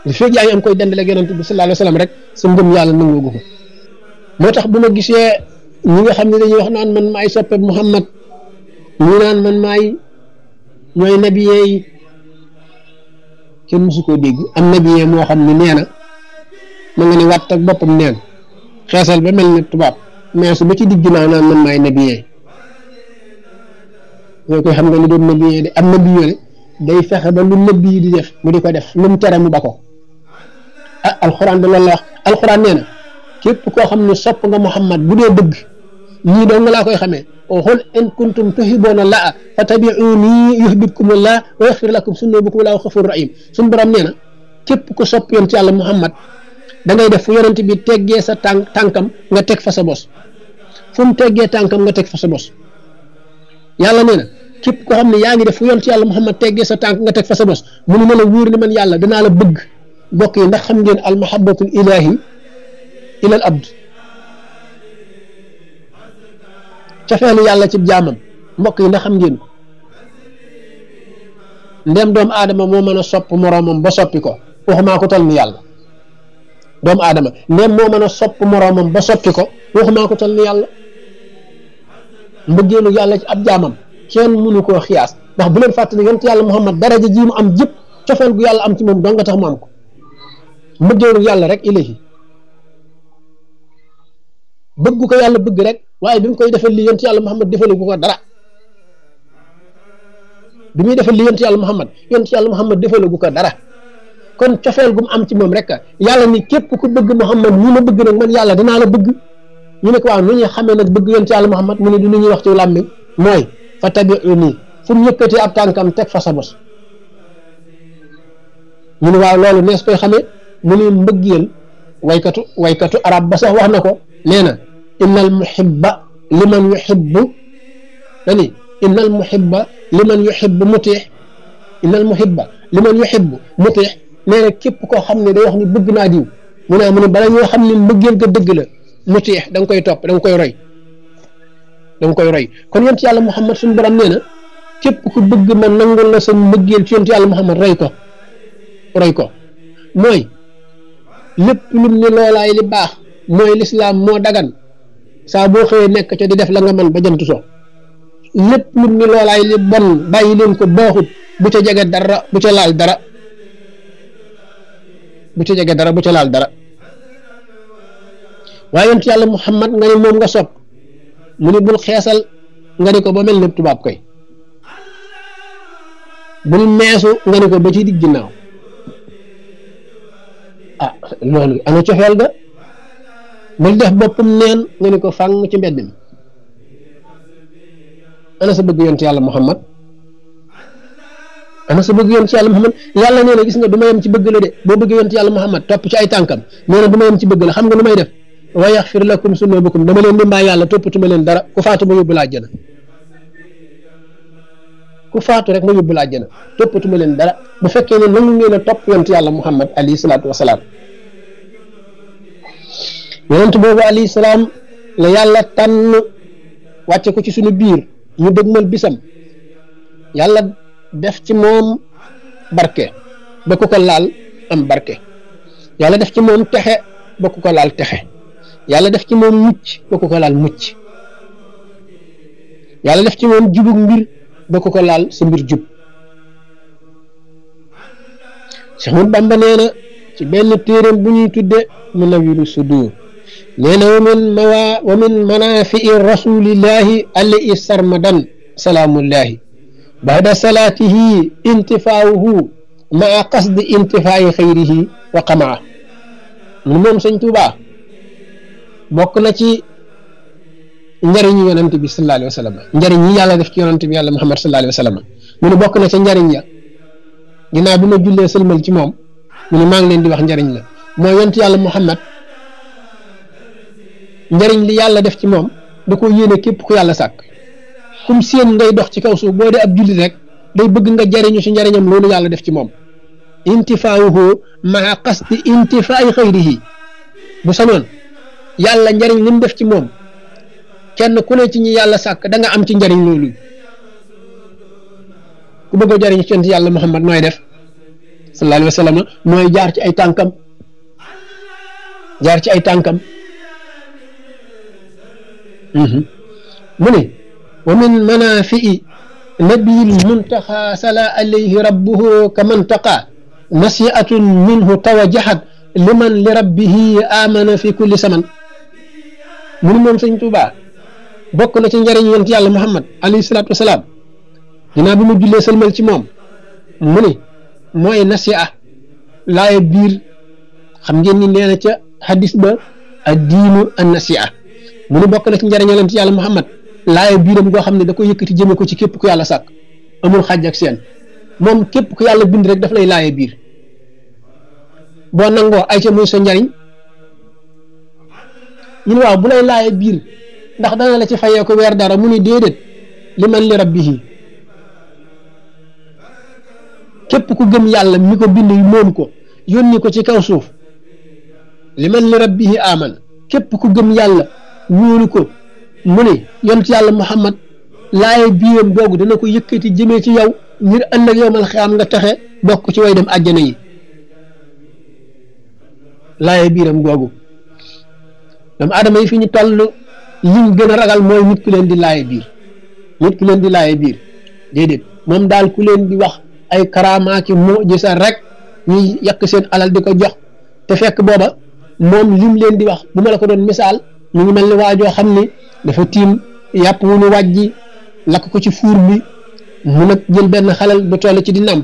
li fii yaa ngi am koy dendaleeg yonent bi sallallahu alayhi wa sallam rek sa ngëm yàlla nangoogu ko moo tax bu ma gisee ñi nga xam ne dañuy wax naan man maay soppe Muhammad ñu naan man maay ñooy nabiyee yi kenn mësu koo dégg am nabiyee moo xam ne nee na ma nga ne wàtt ak boppam neen xeesal ba mel ne tubaab mais su ba ci digg naa naan man maay nabiyee ñoo koy xam nga ne doon nabiyee de am nabiyee day fexe ba lu nëbbi yi di def mu di ko def lu mu tere mu ba ko ah alxuraan loolu la wax alxuraan nee na képp koo xam ne sopp nga Muhammad bu dee dëgg lii doo nga laa koy xamee waxul oh, in kuntum tuhibbuuna laa fattabi'uunii yuhbibkumullaah wa yaghfir lakum zunuubakum wallaahu ghafuurun rahiim suñu borom nee na képp ku sopp yoon ci yàlla Muhammad da ngay def fu yonent bi teggee sa tànk tànkam nga teg fa sa bos fu mu teggee tànkam nga teg fa sa bos yàlla nee na képp koo xam ne yaa ngi def fu yoon ci yàlla Muhammad teggee sa tànk nga teg fa sa bos mu ne la wóor ne man yàlla danaa la bëgg bokk yi ndax xam ngeen al mahabbatul ilaahi ilal abd cofeelu yàlla ci jaamam mbokk yi ndax xam ngeen ko ndem doomu aadama moo mën a sopp moroomam ba soppi ko waxumaa ko tol ni yàlla doomu aadama ndem moo mën a sopp moroomam ba soppi ko waxumaa ko tol ni yàlla mbëggeelu yàlla ci ab jaamam kenn munu koo xiyaas ndax bu leen fàttali yonent yàlla Muhammad daraja ji mu am jëpp cofeel gu yàlla am ci moom dong nga tax mu am ko mbëggeelu yàlla rek ilahi bëgg ko yàlla bëgg rek waaye bi mu koy defal li yonent yàlla Muhammad defalu ko dara bi muy defal li yonent yàlla Muhammad yonent yàlla Muhammad defalu ko dara kon cofeel gu am ci moom rek yàlla ni képp ku bëgg Muhammad ñu ma bëgg nag man yàlla danaa la bëgg ñu nekk ko waaw nu ñuy xamee nag bëgg yonent yàlla Muhammad mu ne du nu ñuy wax ci làmmiñ mooy fa tabiu nii fu mu yëkkatee ab tànkam teg fa sa bos ñu ne waaw loolu nees koy xamee mu ne mbëggeel waykatu waykatu arab ba wax na ko nee na inna al muhibba liman yuhibbu dani inna al muhibba liman yuhibbu mutix inna al muhibba liman yuhibbu mutix nee na képp koo xam ne day wax ni bëgg naa diw mu naa ah, mu ne bala ñoo xam ne mbëggeel ga dëgg la mutix da koy topp da koy roy da nga koy roy kon yonent yàlla Muhammad suñu borom nee na képp ku bëgg ma nangul la sa mbëggeel ci yonent yàlla Muhammad roy ko roy ko mooy lépp lu li baax mooy lislaam moo dagan saa boo xëyee nekk ca di def la nga mën ba jant so lépp lu ni loolaay li bon bàyyi leen ko baaxut bu ca jege dara bu ca laal dara bu ca jege dara bu ca laal dara waaye yonent yàlla Muhammad nga ne moom nga sopp mu ni bul xeesal nga ni ko ba mel ne tubaab koy bul meesu nga ni ko ba ci digg ginnaaw ah loolu ana cofeel ga bul def boppam neen nga ni ko fàng ci mbedd mi ana sa bëgg yoon ci yàlla muhammad ana sa bëgg yoon ci yàlla muhammad yàlla nee na gis nga du ma ci bëgg la de boo bëgg yoon ci yàlla muhammad topp ci ay tànkam nee na du ma ci bëgg la xam nga nu may def wa yaxfir lakum sunubakum dama leen dimbaay yàlla toppatuma leen dara ku faatu ma yóbbu la àjjana ku faatu rek ma yóbbu la àjjana toppatuma leen dara bu fekkee ne nangu ngeen a topp yoon ci yàlla muhammad alayhi salaatu wasalaam yonent boobu alayhi salaam la yàlla tànn wàcce ko ci suñu biir ñu dëgmal bisam yàlla def ci moom barke ba ku ko laal am barke yàlla def ci moom texe ba ku ko laal texe yàlla def ci moom mucc ba ku ko laal mucc yàlla def ci moom jubug mbir ba ku ko laal sa mbir jub Cheikh Ahmadou Bamba nee ci benn téeréem bu ñuy tudde Munawwirus Sudur nee na wa min mawa wa min manafii rasulillahi alli sarmadan salaamullahi baada salaatihi intifaawuhu maa qasdi intifaayi xayrihi wa qamaa mun moom sëñ Tuubaa bokk na ci njëriñu yonent bi sallallahu alayhi wa sallam njëriñ yàlla def ci yonent yàlla Muhammad sallallahu bokk na ca njëriñ ya ginnaaw bi ma jullee sëlmal ci moom mu ne maa ngi leen di wax njariñ la mooy yonent yàlla Muhammad njëriñ li yàlla def ci moom da ko yéene képp ku yàlla sàkk kum seen ngay dox ci kaw suuf boo dee ab jullit rek day bëgg nga jariñu si njariñam loolu yàlla def ci moom intifaawuhu maa qasdi intifaai xayrihi bu sañoon yàlla njëriñ li def ci moom kenn ku ne ci ñi yàlla sàkk da nga am ci njariñ loolu ku bëgg a jëriñ ci yonent yàlla Muhammad mooy def sallallahu alayhi wa sallam jaar ci ay tànkam jaar ci ay tànkam Mhm. mu ne wa min manafii nabiil muntaxa sala alayhi rabbuhu ka mantaqa nasiatun minhu tawajahat liman li rabbihi amana fi kulli saman mu ne moom sëñ Tuubaa bokk na ci njëriñ yonent yàlla Muhammad alayhi salaatu wasalaam dinaa bi mu jullee sëlmal ci moom mu ne mooy nasiha laaya biir xam ngeen ni nee na ca hadis ba ad diinu an nasiha mu nu bokk na ci njëriñalam ci yàlla Muhammad laaya biiram goo xam ne da ko yëkkati jëme ko ci képp ku yàlla sàkk amul xàjj ak seen moom képp ku yàlla bind rek daf lay laaya biir boo nangoo ay ca muy sa bu lay laaya biir ndax dana la ci fayee ko weer dara mu ne déedéet li man li rabbihi képp ku gëm yàlla mi ko bind moom ko yónni ko ci kaw suuf li man li rabbihi aman képp ku gëm yàlla wóolu ko mu ne yonent yàlla Muhammad laaye biiram googu dana ko yëkkati jëme ci yow ngir ëllëg yowmal xiyaam nga texe bokk ci way dem àjjana yi laaye biiram googu doomu aadama yi fi ñu toll liñ gën a ragal mooy nit ku leen di laaye biir nit ku leen di laaye biir déedéet moom daal ku leen di wax ay karaamaaki mujisa rek ñu yàq seen alal di ko jox te fekk booba moom lim leen di wax bu ma la ko doon misaal mu ngi mel ni waajoo xam ne dafa tiim yàpp wu nu wàjji lakk ko ci fuur bi mu nag jël benn xalal bu toll ci di nam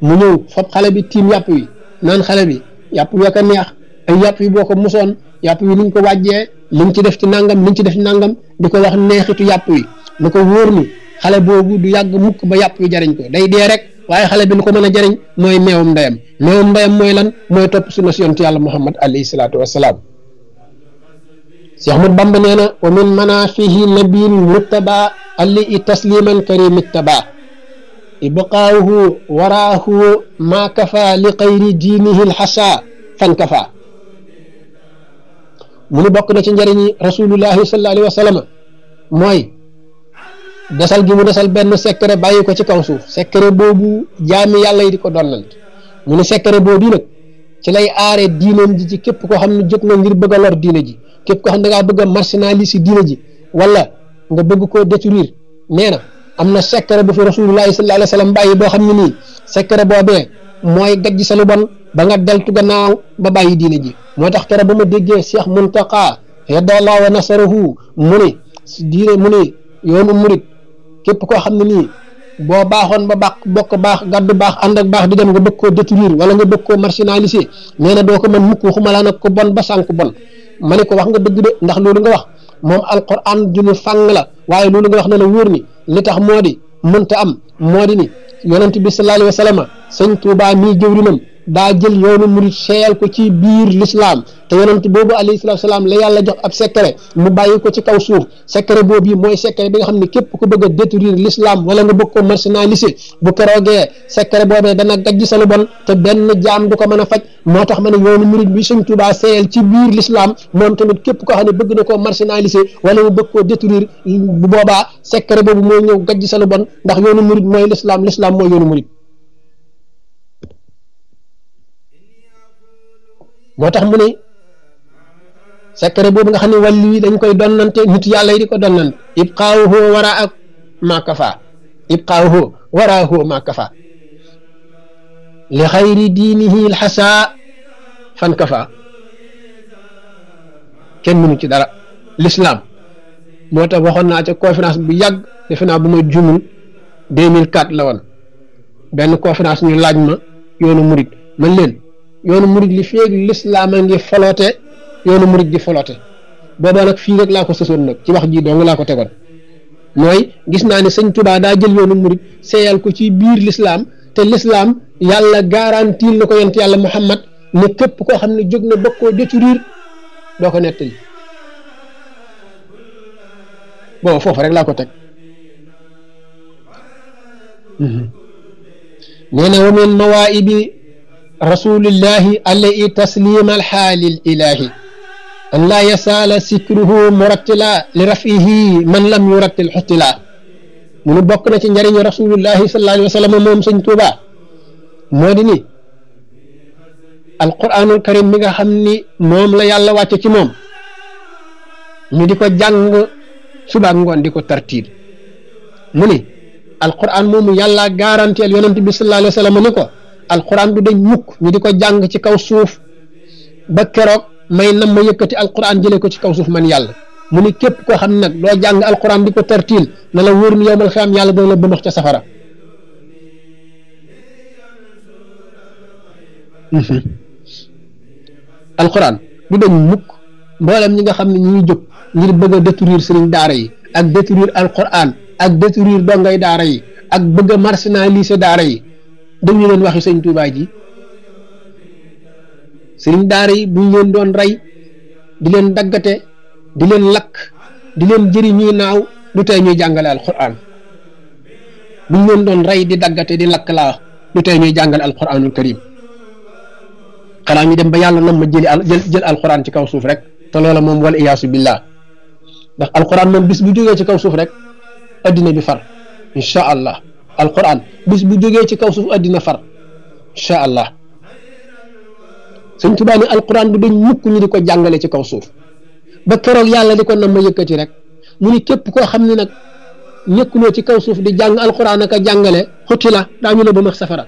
mu ñëw fab xale bi tiim yàpp wi naan xale bi yàpp wi ak a neex ay yi boo ko mosoon yàpp wi niñ ko wàjjee liñ ci def ci nangam liñ ci def nangam di ko wax neexitu yàpp wi na ko wóor ni xale boobu du yàgg mukk ba yàpp wi jariñ ko day dee rek waaye xale bi lu ko mën a jariñ mooy meewum ndeyam meewum ndeyam mooy lan mooy topp sunna si yontu yàlla muhammad alayhi salaatu wasalaam Cheikh Ahmad Bamba nee na wa min manaafihi nabiin muttaba alli i tasliman karim ittaba ibqaawuhu waraahu maa kafa li xayri diinihi lxasa fan kafa mu nu bokk na ci njëriñi rasulullahi sallallahu alayhi wa sallam mooy desal gi mu desal benn secret bàyyi ko ci kaw suuf secret boobu jaami yàlla yi di ko donnal mu ne secret boobu nag ci lay aare diineem ji ci képp koo xam ne jot na ngir bëgg a lor diine ji képp ko xam ne dangaa bëgg a marginaliser diina ji wala nga bëgg koo détruire nee na am na secret bu fi rasulullahi sallallahu alayhi wa sallam bàyyi boo xam ne nii secret boobee mooy gajj sa lu nga deltu gannaaw ba bàyyi diina ji moo tax kere ba ma déggee Cheikh Muntaqa yadallah wa nasarahu mu ne diine mu ne yoonu murit koo xam ne nii boo baaxoon ba baax bokk baax gàddu baax and ak baax di dem nga bëgg koo détruire wala nga bëgg koo marginaliser nee na doo ko mën mukk waxuma laa ko bon ba sànk bon ma ne ko wax nga dëgg de ndax loolu nga wax moom alquran ju nu fàng la waaye loolu nga wax na la wóor ni li tax moo di mënta am moo di ni yonent bi sallallahu alayhi wa sallam sëñ Tuubaa mii jëwrinam daa jël yoonu murit seeyal ko ci biir lislaam te yonent boobu alayhi salaatu salaam la yàlla jox ab secret mu bàyyi ko ci kaw suuf secret boobu yi mooy secret bi nga xam ne képp ko bëgg a détruire wala nga bëgg ko marginaliser bu keroogee secret boobee dana gajj sa lu bon te benn jaam du ko mën a faj moo tax ma ne yoonu murit bi Sëñ Tuubaa seeyal ci biir l'islam moom tamit képp koo xam ne bëgg na koo marginaliser wala mu bëgg koo détruire bu boobaa secret boobu mooy ñëw gajj sa lu bon ndax yoonu murit mooy l'islam l'islam mooy yoonu murit moo tax mu ne secret boobu nga xam ne wàllu wi dañ koy donnante nit yàlla yi di ko donnante ibqaawuhu wara ak makafa ibqaawuhu waraahu makafa li xayri diinihi lxasa fankafa kenn mënu ci dara l'islam moo tax waxoon naa ca conférence bu yàgg defe naa bu ma jumul 2004 la woon benn conférence ñu laaj ma yoonu murit man leen yoonu murid li feeg lislaam a ngi foloote yoonu murid di foloote boobaa nag fii rek laa ko sësoon nag ci wax ji dong laa ko tegoon mooy gis naa ne sëñ Touba daa jël yoonu murid seeyal ko ci biir lislaam te lislaam yàlla garantil na ko yent yàlla Muhammad ne képp koo xam ne jóg na bëgg koo détruire doo ko nettali bon foofu rek laa ko teg mhm. nee na wa min rasulillahi alaihi taslima alhaali ilahi an la yasaala sikruhu murattila man lam yurattil xuttila mu nu bokk sallallahu alayhi wa sallam moom sëñ Tuuba moo di ni alquranul karim mi nga xam ni moom la yàlla wàcce ci moom ñu di ko di ko sallam ni alquran du dañ mukk di ko jàng ci kaw suuf ba keroog may nam ma yëkkati jëlee ko ci kaw suuf man yàlla mu ni képp xam ne nag loo jàng alquran di ko tartiil na la wóor ni yowmal xiyaam yàlla doo la bëndox ca safara mhm. alquran du dañ mukk mboolem ñi nga xam ni ñu ngi jóg ngir bëgg a détruire daara yi ak détruire alquran ak détruire dongay daara yi ak bëgg a marginaliser daara yi déglu leen waxi sëñ Tuubaa ji sëriñ daara yi leen doon rey di leen daggate di leen lakk di leen jëri ñuy naaw du tey ñuy jàngale alquran buñ leen doon rey di daggate di lakk laa du tey ñuy jàngale alquranul karim xanaa ñu dem ba yàlla nam ma jëli jël jël alquran ci kaw suuf rek te loola moom wal iyaasu billah ndax alquran moom bis bu jógee ci kaw suuf rek addina bi far incha allah alquran bis bu jógee ci kaw suuf àddina far incha allah Sëñ Tuubaa ni alquran du dañ mukk ñu di ko jàngale ci kaw suuf ba keroog yàlla di ko nam ma yëkkati rek mu ni képp koo xam ne nag nekkuloo ci kaw suuf di jàng alquran ak a jàngale xuti la daañu la ba max safara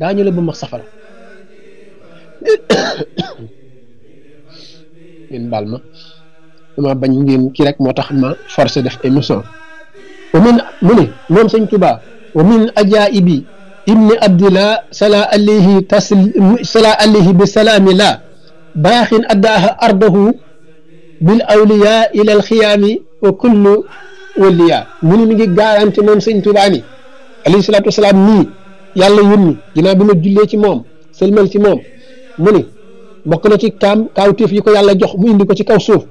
daañu la ba max safara ngeen ma bañ ngeen kii rek moo tax ma forcé def émission wa min mu ne moom sëñ Tuba wa min ajaibi ibni abdillah sala bi salaami la baaxin addaaha ardahu bil awliya ila alxiyaami wa kullu waliya mu ne mi ngi garanti moom sëñ Tuba ni alayhi salaatu wasalaam nii yàlla ma jullee ci moom sëlmal ci moom mu ne na ci kaam kaawteef yi ko yàlla jox mu indi ko ci kaw suuf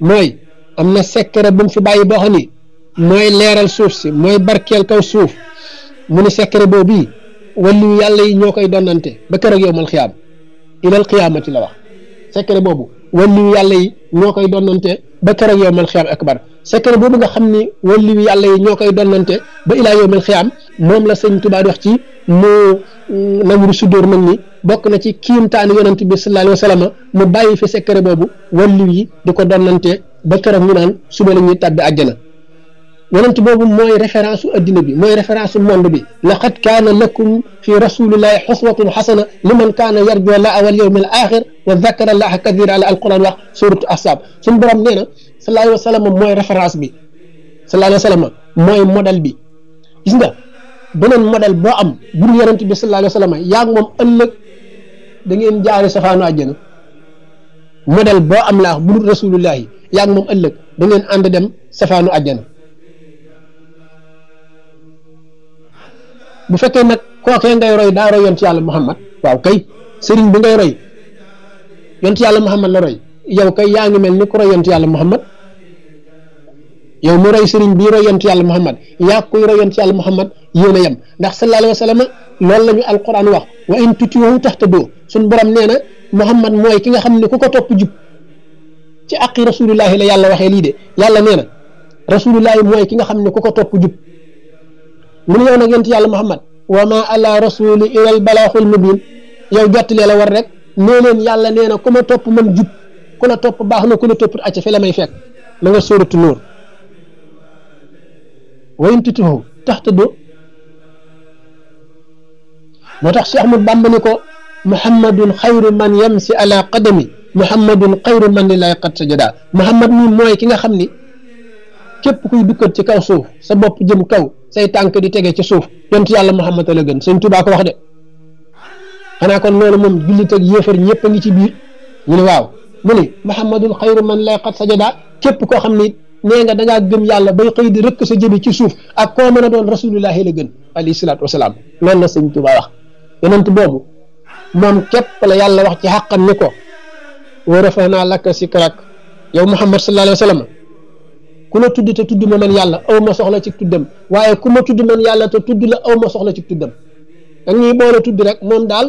mooy am na secret bu mu fi bàyyi boo xam ni mooy leeral suuf si mooy barkeel kaw suuf mu ni secret boobu wàllu yàlla yi ñoo koy donnante ba keroog yowmal xiyaam ilal xiyaamati la wax secret boobu wàllu yàlla yi ñoo koy donnante ba keroog yowmal xiyaam akbar secret boobu nga xam ni wàllu yàlla yi ñoo koy donnante ba ilaa yowmal xiyaam moom la sëñ Tuubaa di wax ci mu mm, nawru sudóor nag ni bokk na ci kiimtaani yonent bi sallallahu alayhi wa sallam mu bàyyi fi secret boobu wàllu yi di ko donnante ba keroog ñu naan suba la ñuy tàbbi àjjana يونت بوب موي ريفيرانس ادنا بي موي ريفيرانس موند بي لقد كان لكم في رسول الله حصوة حسنه لمن كان يرجو الله واليوم الاخر وذكر الله كثيرا على القران وصورة سوره الاحزاب سن بروم نينا صلى الله عليه وسلم موي ريفيرانس بي صلى الله عليه وسلم موي موديل بي غيسنا بنن موديل بو ام بور بي صلى الله عليه وسلم ياك موم الله دا نين جاري سفانو اجنا مدل بو ام لا بور رسول الله ياك موم الله دا نين سفانو اجنا bu fekkee nag kookee ngay roy daa roy yonent yàlla Muhammad waaw kay sëriñ bi ngay roy yonent yàlla Muhammad la roy yow kay yaa ngi mel ni ku roy yonent yàlla Muhammad yow mu roy sëriñ bii roy yonent yàlla Muhammad yaa kuy roy yonent yàlla Muhammad yéen a yem ndax sa alayhi wa sallam loolu la ñu alquran wax wa in tutiihu tahtadoo suñ borom nee na Muhammad mooy ki nga xam ne ku ko topp jub ci aqi rasulillahi la yàlla waxee lii de yàlla nee na ki nga xam ne ku ko topp jub mu ne yow nag yonent yàlla Muhammad wa ma ala rasuli ilal balaaxul mubin yow jottalee la war rek nee yàlla nee na ku ma topp man jub ku la topp baax na ku la topp acca fi la may fekk ma nga sóoratu nuur wayin titihum taxtado moo tax Cheikh Ahmad Bamba ni ko muhammadun xayru man yamsi ala qadami muhammadun xayru man lillahi qad sajada muhammad mi mooy ki nga xam ni képp kuy dukkat ci kaw suuf sa bopp jëm kaw say tànk di tege ci suuf yontu yàlla Muhammad la gën sëñ Tuubaa ko wax de xanaa kon loolu moom jullit ak yéefar ñëpp a ngi ci biir ñu ne waaw mu ne Muhammadun xayru man laqad sajada képp koo xam ne nee nga da gëm yàlla bay xëy di rëkk sa jëbi ci suuf ak koo mën a doon rasulullahi la gën alayhi salaatu wasalaam loolu la sëñ Tuubaa wax yonent boobu moom képp la yàlla wax ci xàqam ni ko wa rafanaa laka sikrak yow Muhammad sallallahu alayhi wa sallam ku la tudd te tudd ma man yàlla aw soxla ci tuddam waaye ku ma tudd man yàlla te tudd la aw ma soxla ci tuddam dañ ñuy boole tudd rek moom daal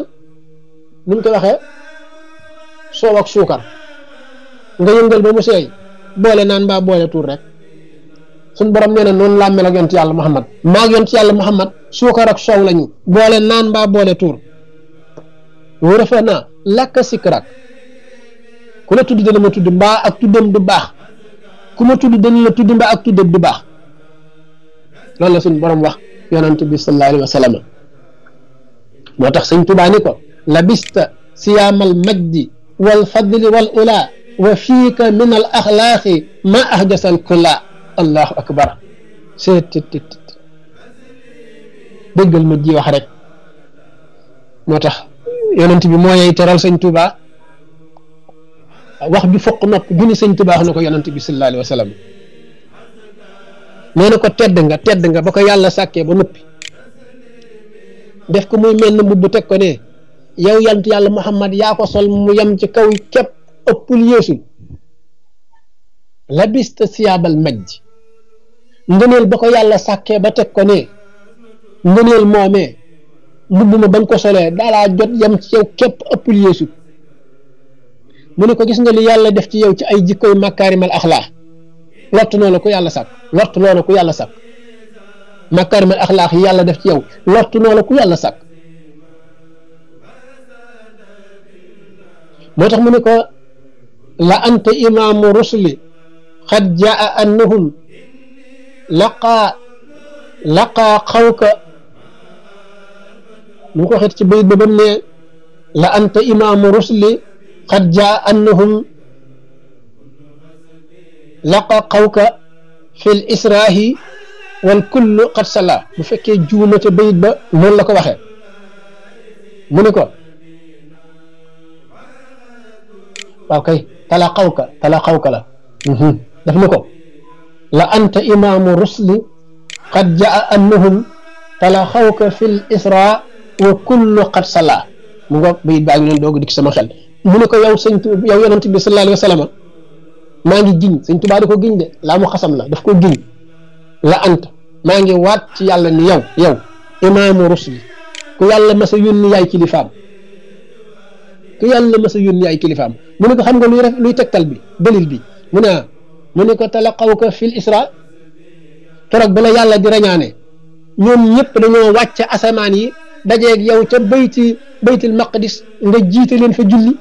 nu mu ko waxee soow ak suukar nga yëngal ba mu seey boole naan mbaa boole tuur rek suñ borom nee na noonu laa mel ak yonent yàlla Muhammad maa ak yonent yàlla Muhammad suukar ak soow lañu boole naan mbaa boole tuur wóor na naa lakk sikrak ku la tudd dana ma tudd mbaa ak tuddam du baax. ku ma tudd dana la tudd mbaa ak tudde du baax loolu suñ borom wax yonent bi sallallahu wa sallam moo tax sëñ Tuubaa ni ko labista siyaamal majdi wal fadli wal ula wa fiika min al ma ahjasal kula allahu akbar seet tit déggal ma ji wax rek moo tax yonent bi moo yey teral sëñ wax ju foq nopp bu ni sëñ tubaax na ko yonante bi sallallahu alayhi wa sallam nee na ko tedd nga tedd nga ba ko yàlla sàkkee ba noppi def ko muy mel ne mbubb teg ko ne yant yàlla muhammad yaa ko sol mu yem ci kaw képp ëppul yeesul labista siyaabal majj ba ko yàlla sàkkee ba teg ko ne ngëneel moomee mbubb ma bañ ko solee daalaa jot yem ci yow képp ëppul yeesul mu ne ko gis nga li yàlla def ci yow ci ay jikkoy makaarimal axlaa lott noonu ko yàlla sàkk lott noonu ko yàlla sàkk makaarimal axlaax yàlla def ci yow lott noonu ko yàlla sàkk moo tax mu ne ko la anta imaamu rusuli xad jaa annahum laqaa laqaa xawka mu ko xet ci bayit ba bam la anta imaamu rusuli قد جاء أنهم لقى قوك في الإسراء والكل قد صلى bu fekkee juuma ca bayit ba loolu la ko waxee mu ni ko waaw kay talaqawka talaqawka la mhm. daf ni ko la anta imaamu rusli qad jaa annahum talaqawka fi l isra wa kullu qad sala mu ngo bayit baa ngi leen doog dikk sama xel mu ne ko yow sëñ yow yonent bi sallallahu alayhi maa ngi giñ sëñ Tuubaa ko giñ de laa mu xasam la daf ko giñ la ant maa ngi waat ci yàlla ni yow yow imaamu rusli ku yàlla mas a yónni yaay kilifaam ku yàlla mas a yónni yaay kilifaam mu ne ko xam nga luy luy tegtal bi dalil bi mu ne mu ne ko talaqaw ko fil isra keroog ba la yàlla di rañaane ñoom ñëpp dañoo wàcc asamaan yi dajeeg yow ca bayti baytil maqdis nga jiite leen fa julli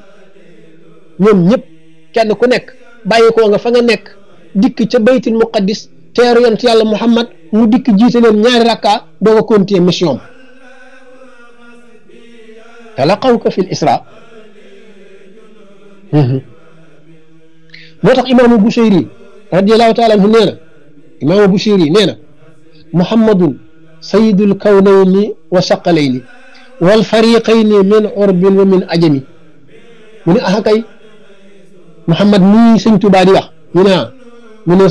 ñoom ñëpp kenn ku nekk bàyyi koo nga fa nga nekk dikk ca baytil muqaddis teeru yonent yàlla muhammad mu dikk jiite leen ñaari rakka doog a continuer mission talaqawka fil isra mhm. moo tax imaamu Bushayri radiallahu taala anhu nee na imaamu Bushayri nee na muhammadun sayidul kawnayni wa saqalayni wal fariqayni min ajami Muhammad mii sëñtu Tuubaa di wax ñu ne ah mooy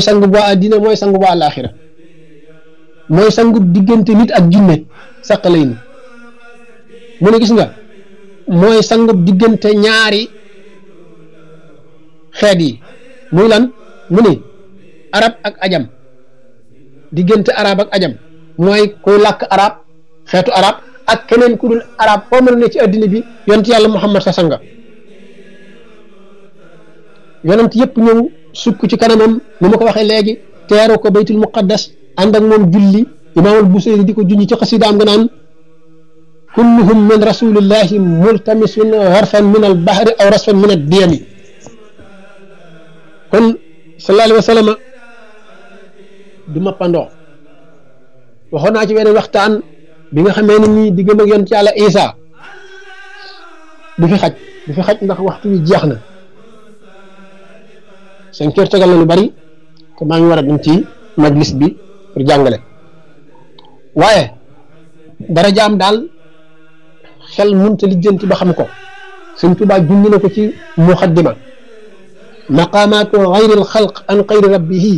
sangu bu àddina mooy sang bu àllaaxira mooy sangu diggante nit ak jinne saqalayni mu ne gis nga mooy sangu diggante ñaari xeet yi muy lan mu arab ak ajam diggante arab ak ajam mooy kuy lakk arab xeetu arab ak keneen ku dul arab foo mën a ne ci àddina bi yonent yàlla Muhammad sa sanga yonent yëpp ñëw sukk ci kanamam ni ma ko waxee léegi teeru ko baytul muqaddas ànd ak moom julli imaamul buseyri di ko junj ci xasidaam nga naan kulluhum min rasulillahi multamisun gharfan min al bahri aw rasfan min ad diyami kon sallallahu alayhi wa sallam du ma pandoo waxoon naa ci weneen waxtaan bi nga xamee ne nii diggam ak ci yàlla isa du fi xaj du fi ndax waxtu wi jeex na seen kër tegal na lu bari te maa ngi war a dem ci majlis bi pour jàngale waaye dara jaam daal xel munta lijjanti ba xam ko Sëñ Tuubaa junni na ko ci muqaddima maqaamaatu xayri alxalq an xayri rabbihi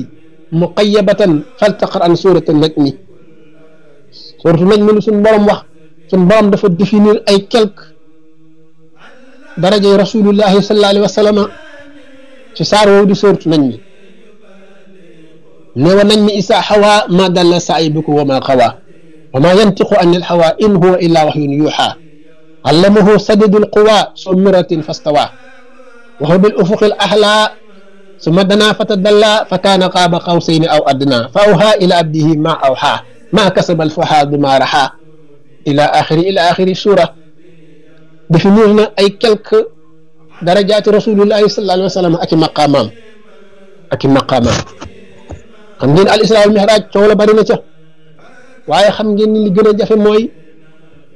muqayyabatan faltaqar an suurati najmi suuratu najmi lu suñ borom wax suñ borom dafa définir ay quelque darajay rasulullahi sallallahu alayhi wa sallam ci saar woowu di sóortu nañ mi nee wa nañ mi isaa xawaa maa dalla saayibuku wa maa xawaa wa maa yantiqu an alxawaa in huwa illaa waxyun yuuxaa allamahu sadidu alquwa sumiratin fastawaa وهو بالأفق الأعلى ثم دنا فتدلى فكان قاب قوسين أو أدنى فأوحى إلى عبده ما أوحى ما كسب الفحاد ما رحى إلى آخر إلى آخر السورة définir na ay quelques dara rasulillahi sallallahu alayhi wa sallam ak i maqaamaam ak i xam ngeen al isra bari na ca waaye xam ngeen ni li gën a jafe mooy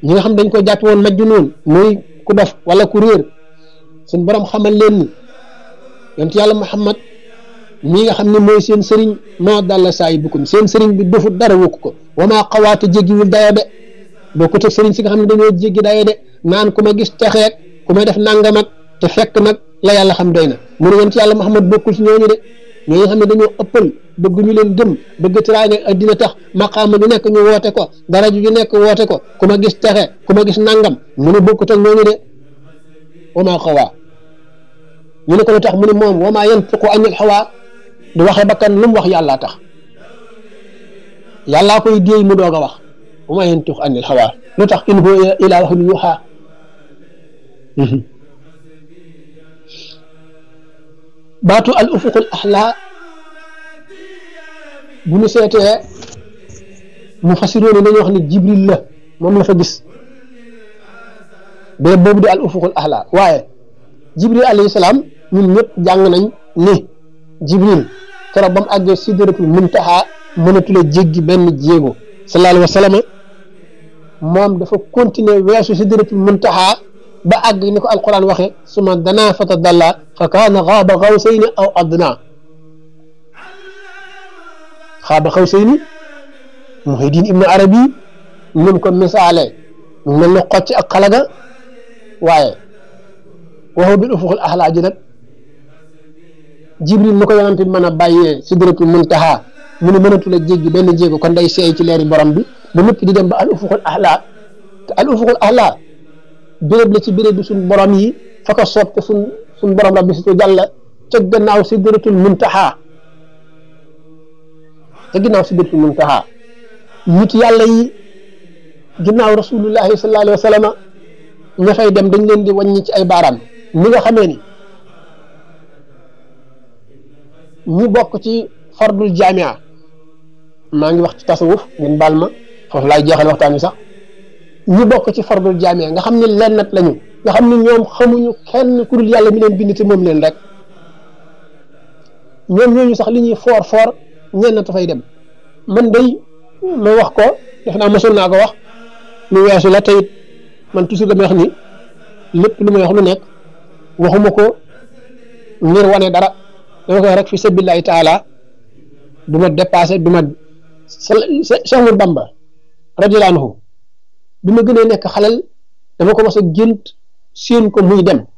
ñi nga xam dañ ko jàpp woon majnuun muy ku dof wala ku réer suñ borom xamal leen ni yonent yàlla Muhammad mii nga xam ne mooy seen sëriñ maa dalla saahibukum seen sëriñ bi defut dara wokk ko wamaa xawaate jéggiwul daya de bokkut ak sëriñ si nga xam ne dañoo jéggi daya de naan ku ma gis texeek ku ma def nanga nangamat te fekk nag la yàlla xam doy na mu ne woon ci yàlla Muhammad bokkul ci ñooñu de ñooñu xam ne dañoo ëppal bëgg ñu leen gëm bëgg tiraange dina tax maqaama ju nekk ñu woote ko daraju ju nekk woote ko ku ma gis texe ku a gis nangam mu ne bokkut ak ñooñu de wamaa xawaa ko lu tax mu ne moom wamaa yantiqu anil xawaa du waxe bakkan lu mu wax yàllaa tax yàllaa koy déey mu doog a wax wamaa yantiqu anil xawaa lu tax in huwa ilaa wahyun yuuhaa baatu al ufuqul axla bu ñu seetee mu fasiroone dañuy wax ne jibril la moom la fa gis bee boobu di al ufuqul axla waaye jibril alayhi salaam ñun ñëpp jàng nañ ni jibril keroog ba mu àggee sidratul muntaha mënatula jéggi benn jéego sallallahu alayhi wa sallam moom dafa continuer weesu sidratul muntaha ba àgg ni ko alquran waxee suma danaa fata dalla fa kaana xaaba xawsayni aw adnaa xaaba xawsayni muhidin ibnu arabi ni ko misaale mu mel ne xocc ak xalaga waaye waxu bil ufuqul axlaa ji nag jibril nu ko yonante bi mën a bàyyee sidratul muntaha mu ne mënatu la jéggi benn jéego kon day seey ci leeri borom bi ba noppi di dem al ufuqul axlaa béréb la ci béréb bi suñ borom yi fa ko soob te suñ suñ borom rabbi si jàlla ca gannaaw sidratul muntaha ca gannaaw sidratul muntaha nit yàlla yi ginnaaw rasulullahi sallallahu alayhi wa sallam dem dañ leen di wàññi ci ay baaraam ni nga xamee ni ñu bokk ci fardul jaamia maa ngi wax ci tasawuf ngeen baal ma foofu laay jeexal waxtaan wi sax ñi bokk ci fardul jaamiya nga xam ne lennat lañu nga xam ne ñoom xamuñu kenn ku dul yàlla mi leen bind te moom leen rek ñoom ñooñu sax li ñuy foor foor ñenn dafay dem man day ma wax ko def naa mosul naa ko wax lu weesu la tayit man toujours damay wax ni lépp lu may wax lu nekk waxuma ko ngir wane dara dama koy rek fi sabilillahi taala du ma dépassé du ma Cheikh Ahmadou Bamba radiyallahu anhu bi ma gënee nekk xalal dama ko mas a gént séen ko muy dem